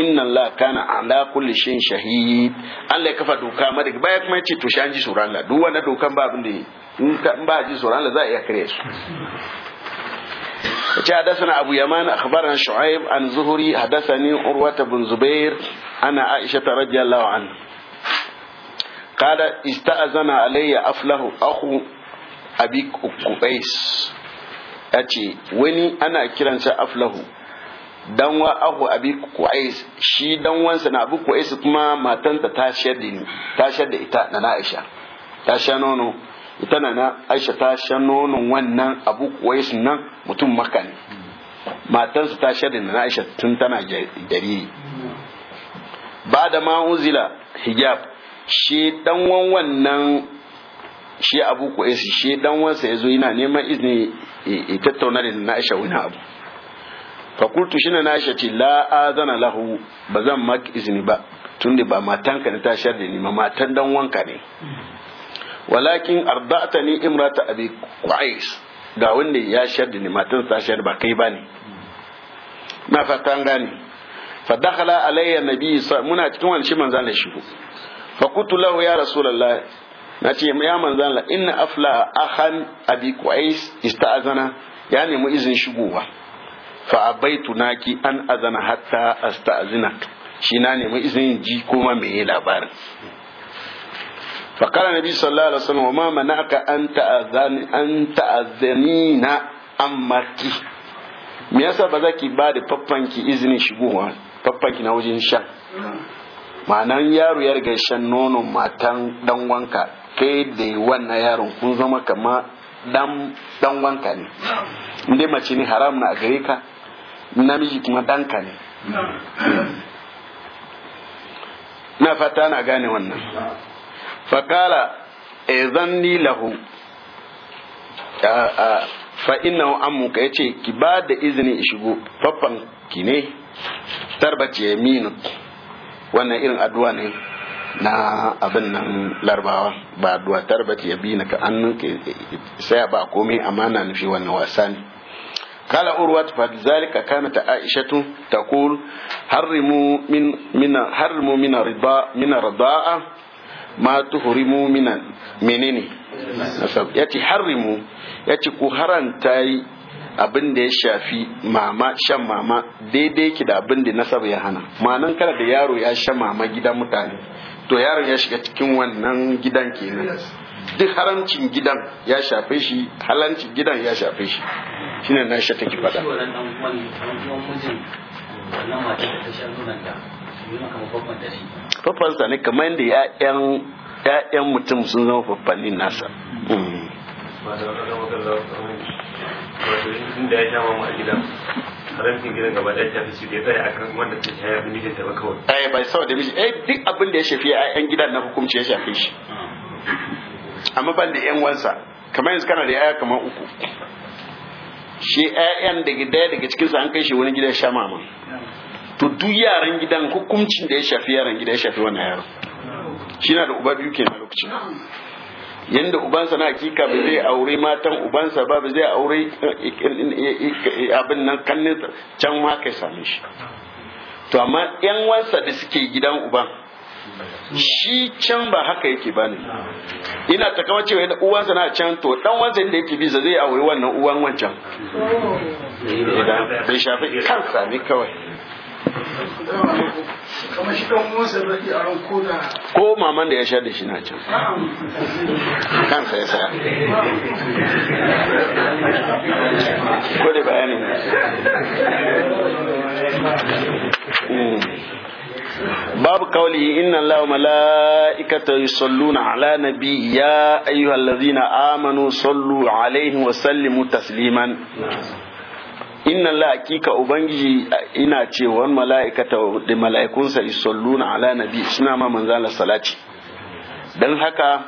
inna Allah kana ala kulli shay'in shahid Allah ya kafa doka ma baya kuma yace to shi an ji tsoron Allah duk wanda dokan ba abin da in ba ji tsoron Allah za a iya kare su ce hadasana abu yaman akhbaran shu'aib an zuhuri hadasani urwata bin zubair ana aisha radiyallahu Kada قال استأذن علي أفله أخو أبي قبيس أتي وني أنا كيران أفله dan wa ahu abi kuwais shi dan wansa na abu kuwais kuma matanta ta da ni ta da ita na Aisha ta sha nono ita na na Aisha ta sha nonon wannan abu kuwais nan mutum makka ne matansa ta da na Aisha tun tana jariri ba da ma uzila hijab shi dan wan wannan shi abu kuwais shi dan wansa yazo yana neman izini tattauna da na Aisha wani abu fakultu shi na nashi la azana lahu ba zan maka izini ba da ba matan ka ne ta shar da ni ma matan dan wanka ne walakin arda'ta ni imrata abi qais ga wanda ya shar da ni matan ta shar ba kai ne na fatan gane fa dakhala alayya nabi muna cikin wani shi manzan da shigo fa lahu ya rasulullah na ce ya manzan la inna afla akhan abi qais ista'azana ya nemi izin shigowa fa abaitu naki an azana hatta asta'zinak shi na nemi izinin ji kuma mai yi labarin fa kana nabi sallallahu alaihi wasallam wa ma ka an ta'azani an ta'azanina ammaki me yasa ba za ki ba da faffanki izinin shigowa faffanki na wajen shan ma'anan yaro ya riga shan nonon matan dan wanka kai da wannan yaron kun zama kama dan wanka ne inda mace ne haram na a gare ka namiji kuma danka ne na fata na gane wannan fakala e zanni lahu fa inna ya yace ki ba da izini shigo babban ki ne tarbace minu wannan irin addu'a ne na abin nan larbawa ba addu'a tarbace ya bi na ka annu eh, eh, sai ba komai amana nufi wannan wasa ne قال أروة فبذلك كانت عائشة تقول حرموا من من حرموا من رضاء من رضاء ما تحرموا من منين yace harrimu yace ku haranta yi abin da ya shafi mama shan mama daidai ki da abin da nasaba ya hana ma'anan kada da yaro ya shan mama gidan mutane to yaron ya shiga cikin wannan gidan kenan duk haramcin gidan ya shafe shi halancin gidan ya shafe shi shine na shi take fada Fafansa ne kamar yadda ya'yan mutum sun zama faffanin nasa mm. inda ya sha mamu a gidan haramcin gidan gaba da ya su ya tsaya akan wanda ta shaya bin mijin ta ba kawai eh bai saboda miji eh duk abin da ya shafi ya'yan gidan na hukunci ya shafe amma ban da 'yan wansa kamar yanzu kana da yaya kamar uku shi 'ya'yan da daya daga cikinsa an kai shi wani gidan sha mama to duk yaran gidan hukuncin da ya shafi yaran gida ya shafi wannan yaron shi na da uba biyu kenan lokacin yanda ubansa na hakika ba zai aure matan ubansa ba ba zai aure eh, eh, abin nan kannin can ma kai same shi to amma yan wansa da suke gidan uban shi can ba haka yake bane ina ta kama cewa uwansa na can to dan wanzan da yake biza zai aure wannan uwan wancan bai shafi kansa ne kawai ko maman da ya sha da shi na can kansa ya sa ko da bayani hmm. babu kauli inna allaha malaikata yusalluna ala nabi ya ayyuhallazina amanu sallu alaihi wa sallimu tasliman inna la hakika ubangiji ina cewa mala'ikata دي ملائكون yusalluna ala nabi suna ma manzala salati dan haka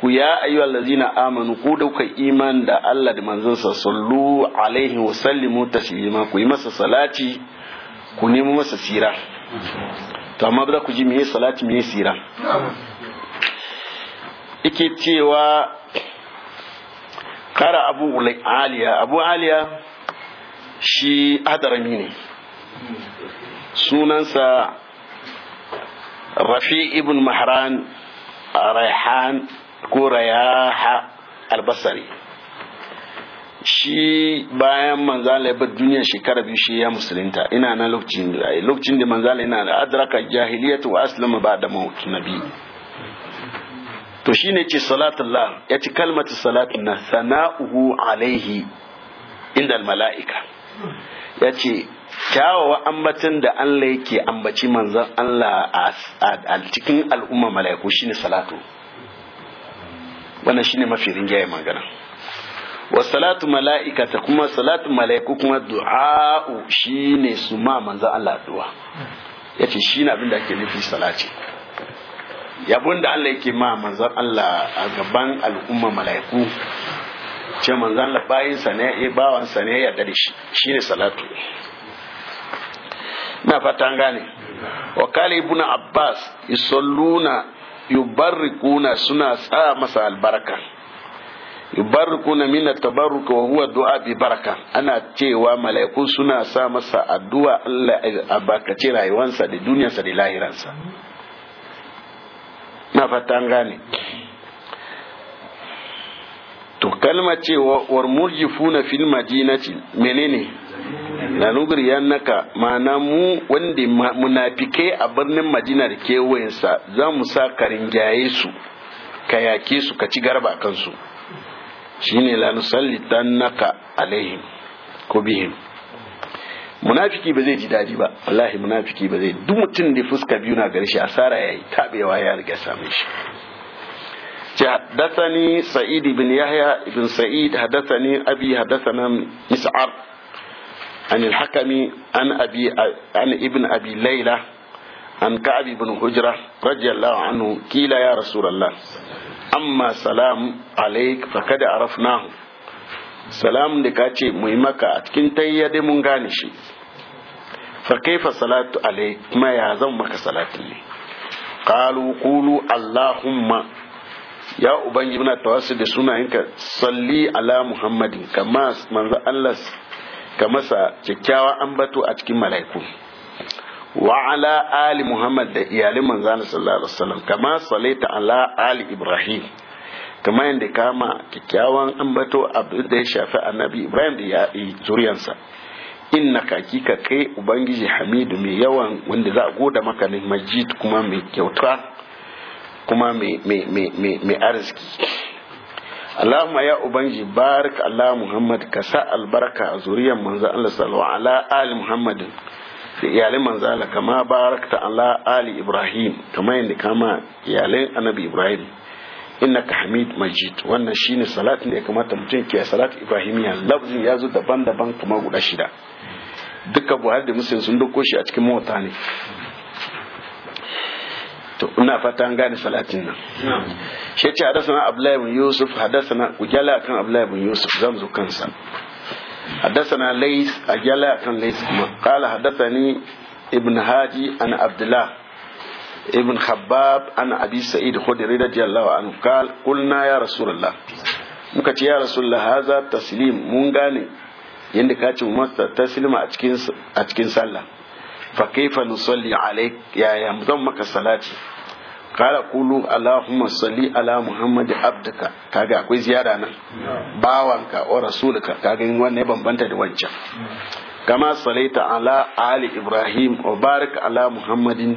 ku ya ayyuhal allazina amanu ku da kai iman da Allah da manzansa sallu alaihi wa sallimu taslima ku yi masa salati ku nemi masa sira to amma za ku ji meye salati meye sira yake cewa kara abu aliya abu aliya shi adarami ne sunansa rafi ibn mahran rayhan ko rayaha albasari shi bayan manzala ya bar duniya shekara biyu shi ya musulunta ina na lokacin lokacin da manzala ina da adraka jahiliyatu wa aslama ba da mawut nabi to ne ce salatullah ya ci kalmata salatun na sana'uhu alaihi inda mala'ika. ya ce kyawawa ambacin da Allah yake ambaci manzan Allah a cikin al'umma mala'iku shi ne salatu wannan shi ne mafi ringaye magana wa salatu mala'ikata kuma salatu mala'iku kuma du'a'u ne su ma manzan Allah addu'a yace shi abin da ake nufi salati yabon da Allah yake ma manzan Allah a gaban al'umma mala'iku ce manzan Allah bayin sa ne eh, bawan sa ne ya dare shi ne salatu na fatan gane wa kala ibnu abbas isalluna yubarrikuna suna tsaya masa albarka yubarrikuna min at-tabarruk wa huwa du'a bi baraka ana cewa mala'iku suna sa masa addu'a Allah a bakace rayuwarsa da duniyarsa da lahiransa na fatan gane to kalma cewa war murjifuna fil madinati menene na naka ma'ana mu wanda munafike a birnin madina da kewayensa za mu sa karingaye su ka yake su ka ci garba kansu shine la tannaka alaihim ko bihim munafiki ba zai ji daɗi ba wallahi munafiki ba zai duk mutum da fuska biyu na gare shi asara yayi tabewa ya riga same shi حدثني سعيد بن يحيى بن سعيد حدثني أبي حدثنا إسعار عن الحكم عن أبي عن ابن أبي ليلى عن كعب بن هجرة رضي الله عنه قيل يا رسول الله amma salam alaik kada arafnahu salam da ka ce mu yi maka a cikin tayya dai mun gane shi fa kaifa salatu alaik kuma ya zan maka salatin ne qalu qulu allahumma ya ubangiji muna tawassu da sunayenka salli ala muhammadin kama manzo Allah ka masa kyakkyawa ambato a cikin mala'iku wa ala ali muhammad da iyalin manzana sallallahu alaihi wasallam kama salaita ala ali ibrahim kama yadda kama kyakkyawan ambato abu da ya shafi annabi ibrahim da ya yi zuriyarsa inna hakika kai ubangiji hamidu mai yawan wanda za goda maka ne majid kuma mai kyauta kuma mai arziki Allahumma ya Ubangi barik Allah Muhammad ka sa albarka a zuriyar manzo Allah sallallahu ala ali Muhammad. da iyalin manzala kama barakta Allah ali ibrahim kama yadda kama iyalin annabi ibrahim innaka hamid majid wannan shine salatin ne ya kamata mutum ke salat ibrahimiya lafzin ya zo daban-daban kuma guda shida duka buhari da musulun sun doko shi a cikin mota ne to ina fata gane salatin nan shi ce hadasana abdullahi bin yusuf hadasana kujala kan abdullahi bin yusuf zan zo kansa حدثنا ليس أجلا كان ليس قال حدثني ابن هادي عن عبد الله ابن خباب عن أبي سعيد خدري رضي الله عنه قال قلنا يا رسول الله muka ce ya rasulullah haza taslim mun gane yadda ka ce masa taslima a cikin sallah fa kaifa nusalli alaik yaya zan maka salati kala kulu allahumma salli ala muhammad abdaka kaga akwai ziyara nan bawanka o rasulka kaga in wannan ya bambanta da wancan kama salaita ala ali ibrahim wa barik ala muhammadin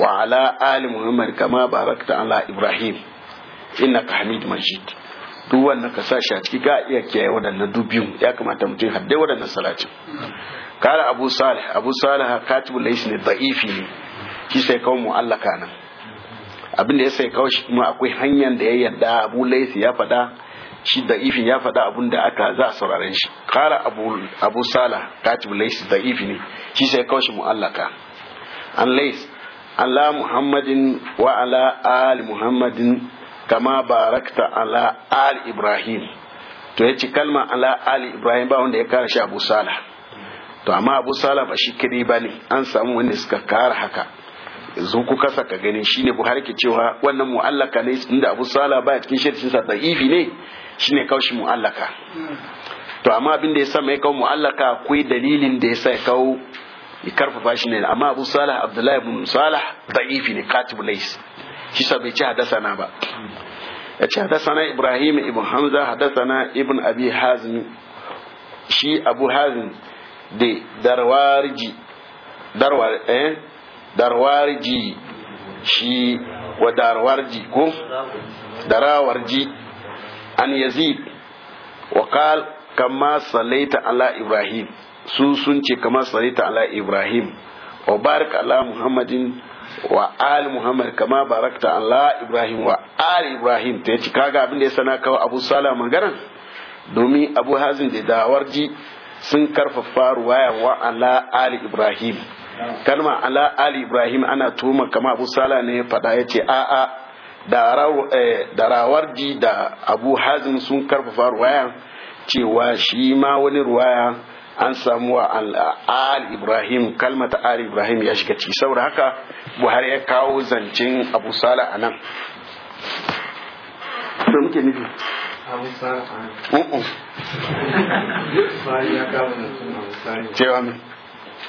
wa ala ali muhammad kama barakta ala ibrahim innaka hamid majid duk wannan ka sa shi a ciki ga iya kiyaye wadannan dubiyun ya kamata mutum haddai waɗannan salatin kala abu salih abu salih katibul lais ne da'ifi ne shi sai kawo mu'allaka nan abin da ya sai kawai kuma akwai hanyar da ya yarda abu laisi ya faɗa shi da ifin ya faɗa abun da aka za a sauraren shi kara abu abu sala katib lais da ifi ne shi sai kawai shi mu'allaka an laifi, ala muhammadin wa ala ali muhammadin kama barakta ala ali ibrahim to ya ci kalma ala ali ibrahim ba wanda ya kara shi abu sala to amma abu sala ba shi kiri ba ne an samu wanda suka kara haka zo ku kasa ka gani shine buhari ke cewa wannan mu'allaka ne inda abu sala baya cikin shirkin sa da'ifi ne shine shi mu'allaka to amma abin da ya sa mai kawo mu'allaka akwai dalilin da ya sa ya kawo ya karfafa shi ne amma abu salah abdullahi ibn salah da'ifi ne katib lais shi sa bai ci na ba ya ci na ibrahim ibn hamza na ibn abi hazmi shi abu hazmi da darwarji darwar eh darwarji shi wa darwarji ko darawarji an yazid wa qal kama salaita ala ibrahim su sun ce kama salaita ala ibrahim wa barik ala muhammadin wa al muhammad kama barakta ala ibrahim wa al ibrahim ta yace kaga abin da ya sana kawo abu salam magaran domin abu hazin da dawarji sun karfafa ruwaya wa ala ali ibrahim kalma ala ali ibrahim ana tuma kama abu sala ne ya faɗa ya ce a'a da eh, rawardi da abu hazin sun karfafa ruwayan cewa shi ma wani ruwaya an samu wa al ibrahim kalmata al ibrahim ya shiga ci saboda haka buhari ya kawo zancen abu sala a nan muke nufi Abu cewa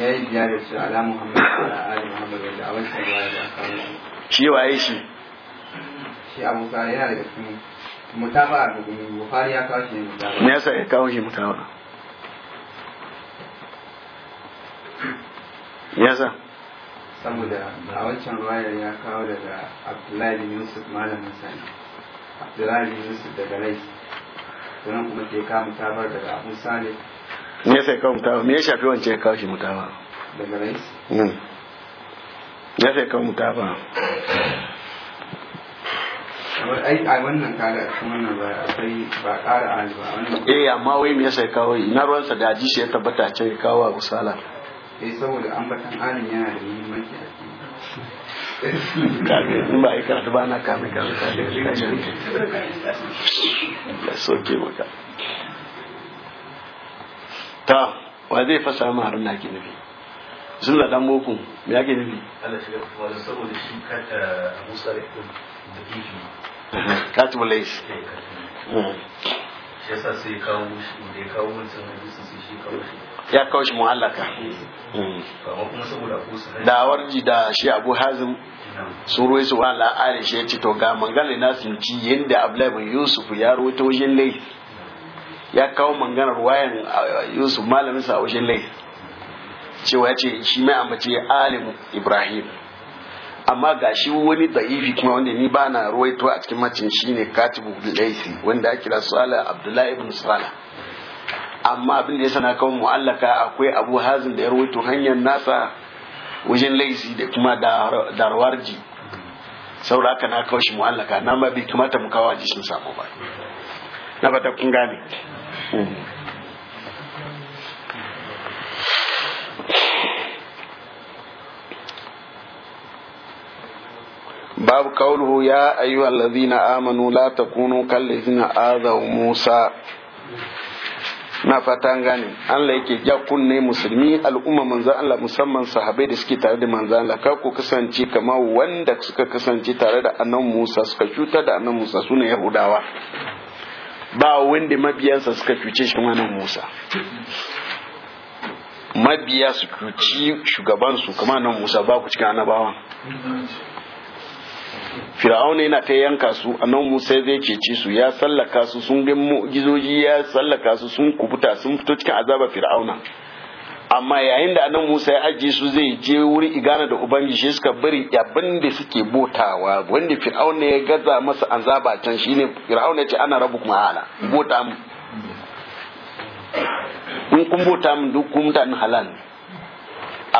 ya yi ziyarar su ala muhammad ala ali muhammad a wancan ruwa da aka shi waye shi shi abu sa yana daga cikin mutaba a dubin buhari ya kawo shi ne mutaba me yasa ya kawo shi mutaba yasa saboda a wancan ruwayar ya kawo daga abdullahi bin yusuf malamin sani abdullahi bin yusuf daga rai, sannan kuma ke kama mutabar daga abu salih me sai ya kawo mutawa me ya shafi wancan ya kawo shi mutawa hmm. ya sai kawo mutawa a wannan kuma wannan ba sai ba ƙara ali ba wannan eh amma wai me ya ya kawo ina sa da aji shi ya tabbata ce ya kawo a usala eh saboda ambatan alin yana da muhimmanci a cikin in ba yi karatu ba na kame kame kame kame kame kame kame kame kame ta wa zai fasa ma na ke nufi sun da dan boko me ake nufi kati bulais hmm. shi ya kawo shi kawo shi ya mu'allaka hmm. da warji da shi abu hazin sun ruwa su wa la'ari shi ya ce to ga mangalin sun ci yadda abu laifin yusuf ya ruwa ta wajen lai ya kawo mangana ruwayan uh, yusuf malamin sa wajen lai cewa ya ce shi mai ambace alim ibrahim amma ga shi wani da'ifi kuma wanda ni ba na ruwaito a cikin macin shi ne katibu laisi wanda ya kira sala abdullahi ibn sala amma abin da ya sana kawo mu'allaka akwai abu hazin da ya ruwaito hanyar nasa wajen laisi da kuma darwarji saboda haka na kawo shi mu'allaka na ma bai kamata mu kawo jishin samu ba na bata kun gane hmm. babu kawulu ya allazi na amanu la kunu kalle zina azau musa na fatan gane Allah yake ja kunne musulmi al'umma manzo Allah musamman sahabbai da suke tare da manzo Allah ka ku kasance kamar wanda suka kasance tare da annan Musa suka cutar da annan Musa sune Yahudawa ba wanda mabiyansa suka cuce shi wannan Musa mabiya su cuci su kuma nan Musa ba ku cikin annabawan Fir'auna yana ta yanka su annan Musa zai cece su ya sallaka su sun gizoji ya sallaka su sun kubuta sun fito cikin azaba Fir'auna amma yayin da annabi Musa ya ajiye su zai je wuri igana da ubangiji suka bari abin da suke botawa wanda fir'aun ya gaza masa azaba can shine fir'aun ya ce ana rabu kuma hala bota mu in kun bota mu duk kun mutanen halal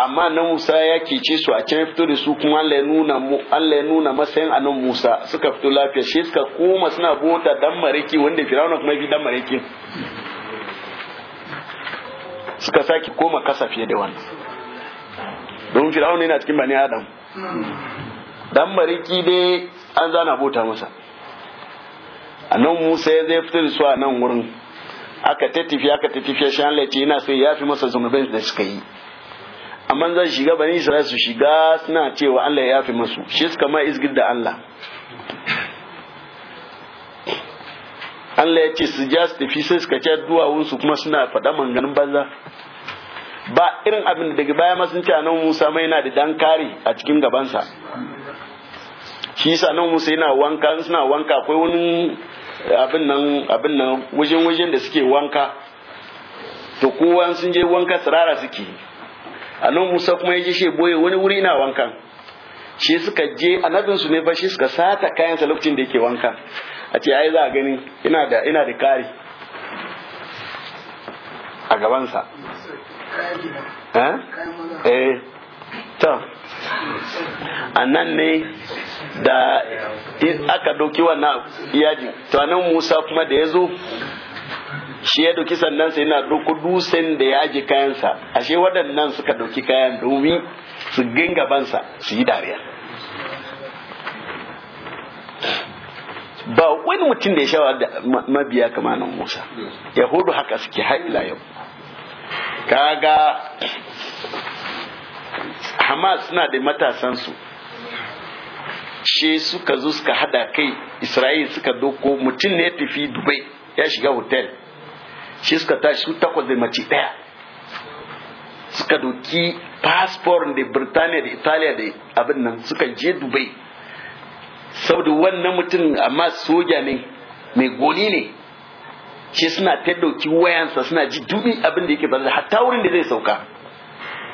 amma na Musa ya ce su a can fito da su kuma Allah ya nuna mu Allah ya nuna masayin annabi Musa suka fito lafiya shi suka koma suna bota dan mareki wanda fir'aun kuma bi dan mareki suka sake koma kasa fiye da wannan don fir'auna yana cikin bani adam dan mariki dai an zana bota masa a nan musa ya zai fitar su a nan wurin aka tattafi aka tattafi shi an laice yana so ya fi masa zunubin da suka yi amma zan shiga bani isra'ila su shiga suna cewa Allah ya fi masu shi suka ma izgir da Allah Allah ya ce su ja su tafi sai suka ce duwawunsu kuma suna faɗa manganin banza ba irin abin da daga baya ma sun ce nan Musa mai yana da dan kare a cikin gabansa shi yasa nan Musa yana wanka suna wanka akwai wani abin nan abin nan wajen wajen da suke wanka to kowa sun je wanka tsirara suke a nan Musa kuma ya je shi boye wani wuri na wankan shi suka je annabinsu ne ba shi suka sata kayansa lokacin da yake wanka a ce ai za a gani ina da ina da kari a gabansa eh, eh. to annan ne da aka doki wannan yaji to anan Musa kuma da yazo shi ya doki sannan sai yana doku dusen da yaji kayansa ashe waɗannan suka doki kayan domin su gingabansa su yi dariya ba wani mutum da ya shawar da mabiya kamanin musa yahudu haka suke haila yau kaga hamas suna da matasansu shi suka zo suka hada kai isra'il suka doko mutum ne ya tafi dubai ya shiga hotel shi suka tashi su takwas da mace daya suka doki fasfor da birtaniya da italiya da abin nan suka je dubai saboda wannan mutum amma soja ne mai goni ne shi suna ta wayansa suna ji dubi abin da yake faruwa hatta wurin da zai sauka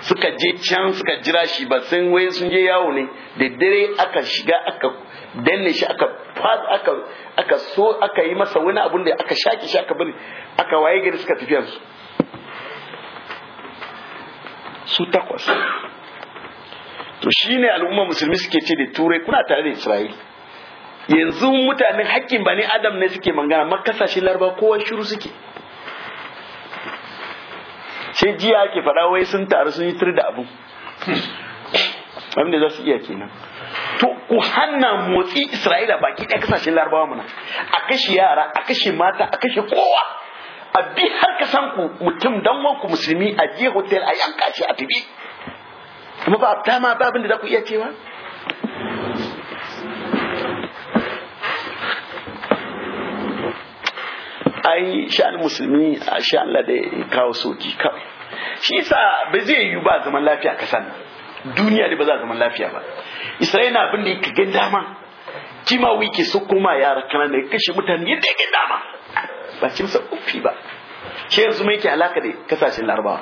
suka je can suka jira shi ba sun waye sun je yawo ne da dare aka shiga aka danne shi aka fas aka aka so aka yi masa wani abun da aka shaki shi aka bari aka waye gari suka tafi yansu su takwas to shine al'umma musulmi suke ce da turai kuna tare da isra'ila yanzu mutanen hakkin bani adam ne suke mangana makasa shi larba kowa shiru suke sai jiya ake faɗa wai sun taru sun yi da abu wanda za su iya kenan to ku hanna motsi isra'ila baki ɗaya kasashen larabawa muna a kashe yara a kashe mata a kashe kowa a bi har ka san ku mutum dan wanku musulmi a je hotel a yanka shi a tafi kuma ba ta ma ba da za ku iya cewa ai sha'an musulmi a sha'an Allah ya kawo soki kawai shi yasa ba zai yi ba zaman lafiya kasan duniya da ba za zaman lafiya ba Isra'ila abin da ka gan dama kima wiki su kuma yara kana da kashe mutane yadda yake dama ba cin sa ufi ba shi yanzu mai ke alaka da kasashen larabawa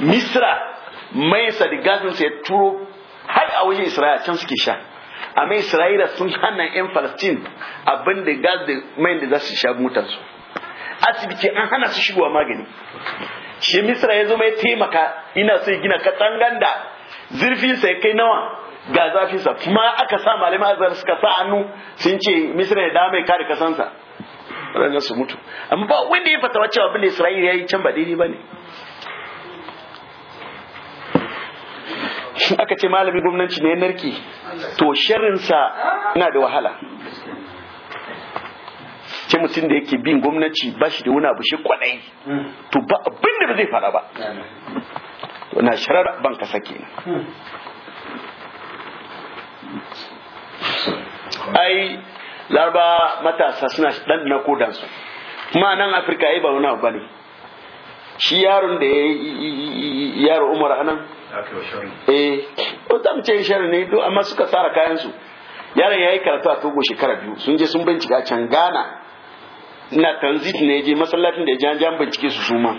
misra mai sa da gazin ya turo har a wajen isra'ila can suke sha amma isra'ila sun hana yan falastin abin da gas da mai da za su sha mutansu. asibiti an hana su shigowa magani shi misra ya zama ya taimaka ina sai gina katangan da zurfin ya kai nawa ga zafin sa kuma aka sa malamai azar suka sa hannu sun ce misra ya dame kare kasansa ranar su mutu amma ba wanda ya fatawa abin bin isra'ila ya yi can ba daidai ba ne aka ce malamin gwamnati ne narki to sharrinsa yana da wahala ce mutum da yake bin gwamnati ba shi da wuna bushe kwanai. kwadai hmm. to ba abin da ba zai fara ba na sharar ban kasa kenan hmm. ai larba matasa suna na kodansu kuma nan afirka ai ba wani abu ba ne shi yaron da ya yaro umar nan eh ko ta mu ce shari ne to amma suka tsara kayan su yaron yayi karatu a Togo shekara biyu sun je sun bincika can Ghana na transit ne je masallacin da jan jan bincike su suma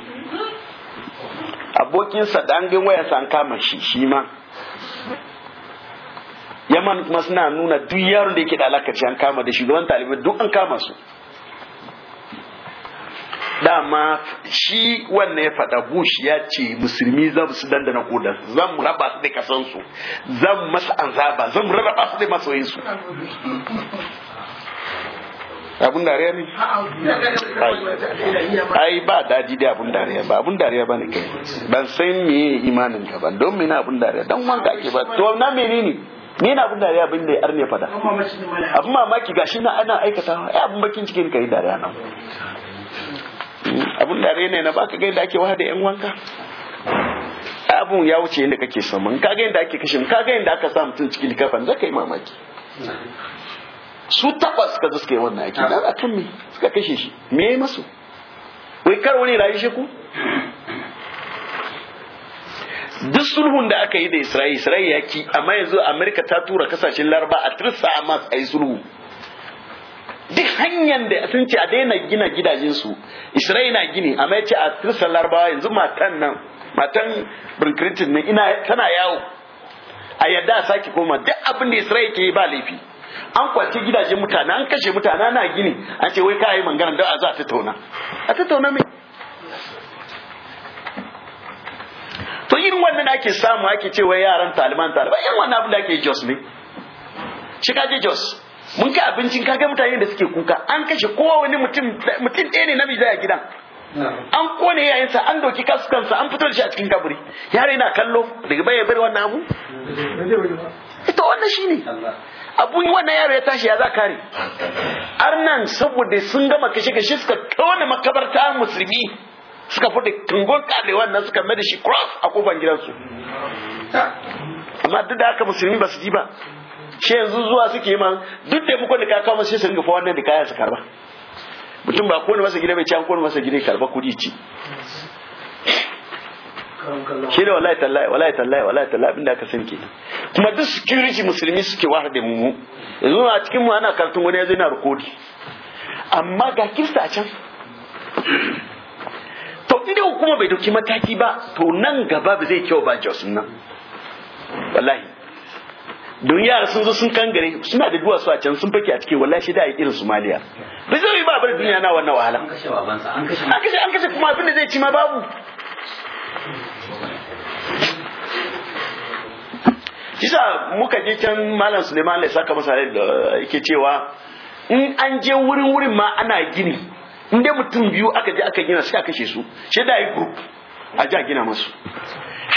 abokin sa da an gani waya san kama shi shi ma yaman kuma suna nuna duk yaron da yake da alakaci an kama da shugaban talibai duk an kama su dama shi wannan ya faɗa bush ya ce musulmi za su dandana kodan zan raba su da kasansu zan masa azaba zan raba su da su. abun dariya ne ai ba daji da abun dariya ba abun dariya ba ne kai ban san me imanin ka ba don mene abun dariya don wanka ake ba to na menene ni na abun dariya abin da ya arne fada abun mamaki gashi na ana aikata ai abun bakin cikin kai dariya nan abun da rene na baka ga da ake wahada yan wanka abun ya wuce yadda kake samun kaga da ake kashe kaga da aka sa mutum cikin kafan zaka yi mamaki su takwas ka suka wannan aiki dan akan me suka kashe shi me yayi masu wai kar wani rayu shi ku duk sulhun da aka yi da Isra'il Isra'il ya ki amma yanzu Amerika ta tura kasashen Laraba a tursa Hamas ayi sulhu duk hanyar da sun ce a daina gina gidajensu isra'ila na gini a mai ce a tirsan larabawa yanzu matan nan matan birkirtin nan ina tana yawo a yadda a sake koma duk abin da isra'ila ke yi ba laifi an kwace gidajen mutane an kashe mutane na gini an ce wai ka yi mangana da a za a tattauna a tattauna mai to yin wannan ake samu ake ce wai yaran taliban taliban yan wannan abin da ake jos ne shi ka je jos mun kai abincin kaga mutane da suke kuka an kashe kowa wani mutum mutum ɗaya ne namiji a gidan an kone yayinsa an doki kaskansa an fito da shi a cikin kaburi yare na kallo daga baya bari wannan abu ita wannan shine abun wannan yaro ya tashi ya za kare arnan saboda sun gama kashe kashe suka tona makabarta musulmi suka fada kangon kare wannan suka mai da shi cross a kofar gidansu amma duk da haka musulmi ba su ji ba shi yanzu zuwa suke ma duk da mukon da ka kawo sai su ringa fa wannan da kayan su karba mutum ba kowane masa gida bai ci an kowane masa gida karba kudi ci shi ne wallahi tallahi wallahi tallahi wallahi tallahi abinda aka san kenan kuma duk security musulmi suke wahar da mu yanzu a cikin mu ana karatun wani yanzu yana rikodi amma ga kista a can to idan hukuma bai dauki mataki ba to nan gaba ba zai kyau ba jos nan wallahi don yara sun zo sun kangare suna da duwatsu a can sun fake a cikin wallahi shi da yi irin Somalia ba zai yi ba bar duniya na wannan wahala an kashe an kashe kuma abin da zai ci ma babu kisa muka je can malam Suleiman Allah saka masa da yake cewa in an je wurin wurin ma ana gini in dai mutum biyu aka je aka gina sai aka kashe su shi da yi group a ja gina masu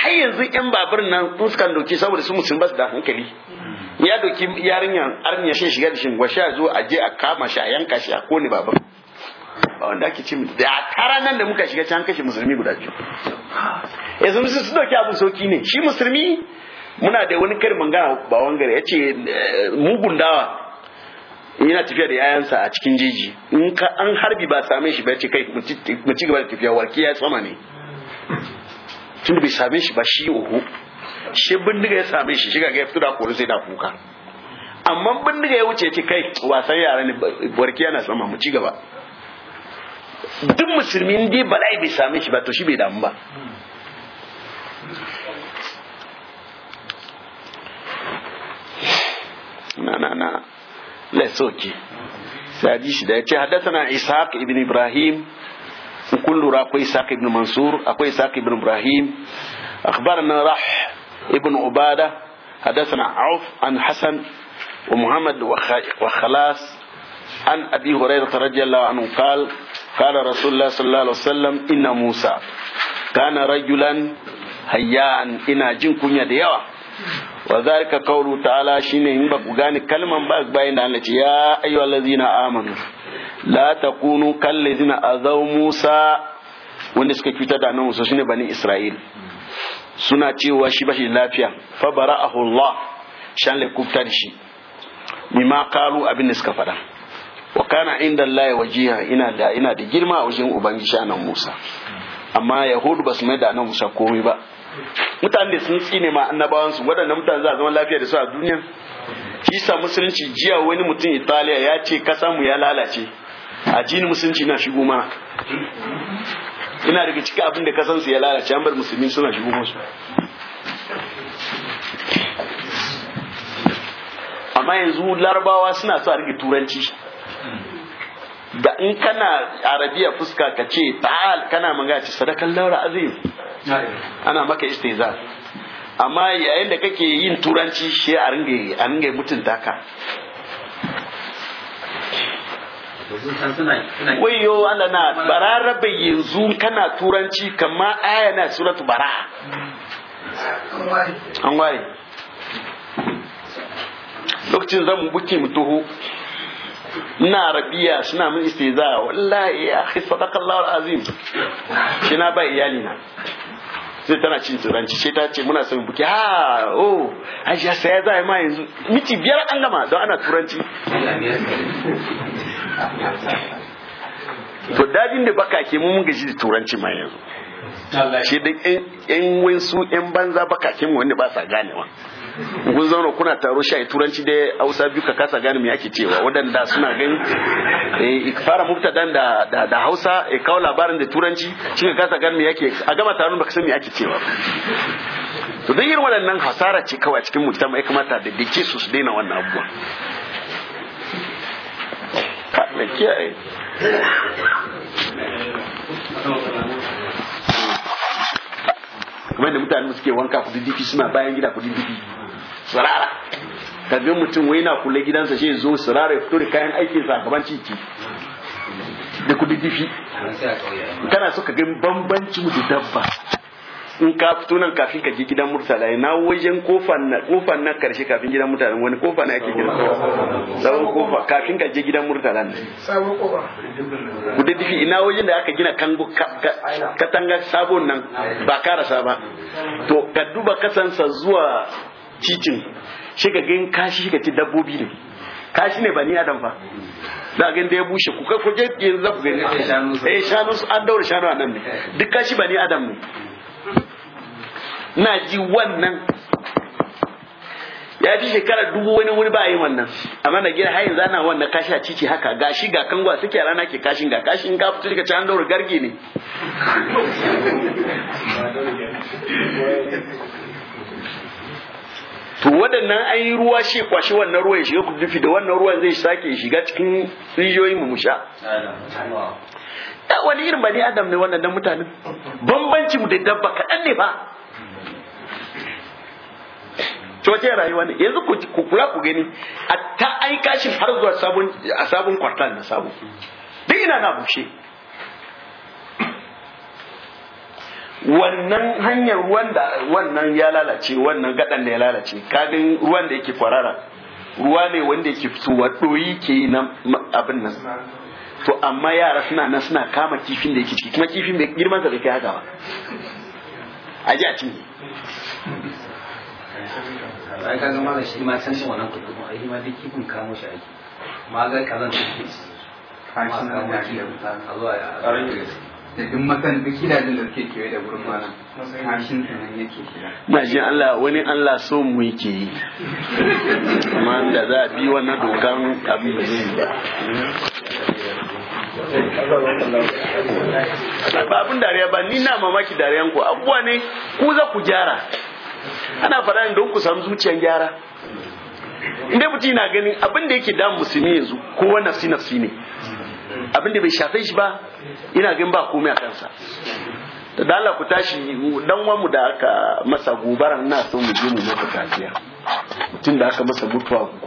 har yanzu yan babur nan sun suka doki saboda su musulmi da hankali mm. ya doki yarinyar arniya shi shiga da shi gwa sha zo a je a kama shi a yanka shi a kone babur ba wanda ake ce da tara nan da muka shiga can kashe musulmi guda biyu yanzu musu su doki abin sauki ne shi musulmi muna da wani karin manga ba wangare ya ce eh, mugun dawa yana tafiya da yayansa a cikin jeji in ka an harbi ba same shi ba ya ce kai mu ci gaba da tafiya warki ya tsama ne tunda bai same shi ba shi uhu shi bindiga ya same shi shiga ga ya fito da kori sai da kuka amma bindiga ya wuce ce kai wasan yara barki yana sama mu ci gaba duk musulmi ne dai bala'i bai same shi ba to shi bai damu ba na na na let's okay sai hadisi da ya ce haddasa na ishaq ibn ibrahim kun lura akwai بن منصور Mansur akwai بن إبراهيم Ibrahim راح ابن ibn Ubada حدثنا عوف عن حسن ومحمد وخلاص عن أبي هريرة رضي الله عنه قال قال رسول الله صلى الله عليه وسلم إن موسى كان رجلا هياء إنا جن كنيا وذلك قوله تعالى شيني إن غاني كلمة باك باين يا أيها الذين آمنوا la takunu kallazina azau Musa wanda suka cutar da annabi Musa shine bani Isra'il suna cewa shi bashi lafiya fa a Allah shan le kubta da shi bima qalu abin da suka fada wa kana inda Allah wajiha ina da ina da girma a wajen ubangiji annabi Musa amma yahudu ba su mai da annabi Musa komai ba mutane sun tsine ma su, waɗannan mutane za a zama lafiya da su a duniya shi musulunci jiya wani mutum italiya ya ce mu ya lalace addinin musulunci na shigo mana ina daga cikin abin da kasansu ya lalace an bar musulmi suna shigo musu amma yanzu larabawa suna so a rage turanci da in kana arabiya fuska ka ce ta'al kana magana ce sadakan laura azim ana maka istihza amma yayin da kake yin turanci shi a ringe mutunta ka yo Allah na bararrabe yanzu kana turanci kama aya na suratu bara an ware lokacin zan buke mu toho ina rabiya suna min istiza wallahi ya akhi sadaqallahu alazim shi na ba iyali na sai tana cin turanci sai ta ce muna son buki ha oh aisha sai za ma yanzu miti biyar an gama don ana turanci to dadin da baka ke mun gaji da turanci ma yanzu shi da yan wansu yan banza baka ke wanda ba sa ganewa kun zauna kuna taro shi a turanci da hausa biyu ka kasa gane me ake cewa waɗanda suna gani eh, fara mubtadan dan da, da hausa ya kawo labarin da turanci shi ka kasa gane me ake a gama taron baka san me ake cewa to dan irin waɗannan hasara ce kawai a cikin mujtama ya kamata da dake su su daina wannan abubuwa Allah kiyaye kamar da mutane suke wanka kududdiki suna bayan gida kududdiki sirara ka ga mutum wai na kula gidansa shi zo sirara ya fito da kayan aikin sa gaban ciki da kudi difi kana so ka ga bambanci mu da dabba in ka fito nan kafin ka je gidan murtala na wajen kofan na kofan na karshe kafin gidan murtala wani kofa na yake gidan sabon kofa kafin ka je gidan murtala ne sabon kofa difi ina wajen da aka gina kango katanga sabon nan ba karasa ba to ka duba kasansa zuwa cicin shi ga gan kashi ga ci dabbobi ne kashi ne ba ni adam fa za ga da ya bushe ku kai ku je yanzu za ku gani eh shanu an daura shanu a nan ne duk kashi ba ni adam ne na ji wannan ya ji shekara dubu wani wani ba yi wannan amma na gida hayin zana wannan kashi a cici haka gashi ga kangwa suke a rana ke kashin ga kashin ka fito daga can daura garge ne to waɗannan an yi ruwa shi kwashi wannan ruwa ya shiga kudufi da wannan ruwan zai sake shiga cikin rijiyoyin mu sha eh, wani irin bani adam ne wannan dan mutanen bambanci mu da dabba kaɗan ne ba coce rayuwa ne yanzu ku kula ku gani a ta aika shi har zuwa sabon kwartal na sabon duk ina na bushe wannan hanyar ruwan da wannan ya lalace wannan gadan da ya lalace kadin ruwan da yake kwarara ruwa ne wanda yake fitowa doyi ke yi na abin nan to amma yara suna nan suna kama kifin da yake ciki kuma kifin bai girman da bai kai haka ba a ji a cinye ai zama kuɗi kifin ma a da duk gidajen da suke kewaye da gurin malam kashin nan yake shiga na shi Allah wani Allah so mu yake yi amma da za a bi wannan dokan abin da zai ba ba abin dariya ba ni na mamaki dariyan ku abubuwa ne ku za ku gyara ana faɗa don ku samu zuciyar gyara inda mutum na gani abin da yake damu musulmi yanzu kowa nafsi nafsi ne abinda bai shafe shi ba ina gin ba komai a kansa da dala ku tashi dan wanmu da aka masa gobara na so mu je mu masa tafiya mutum da aka masa mutuwa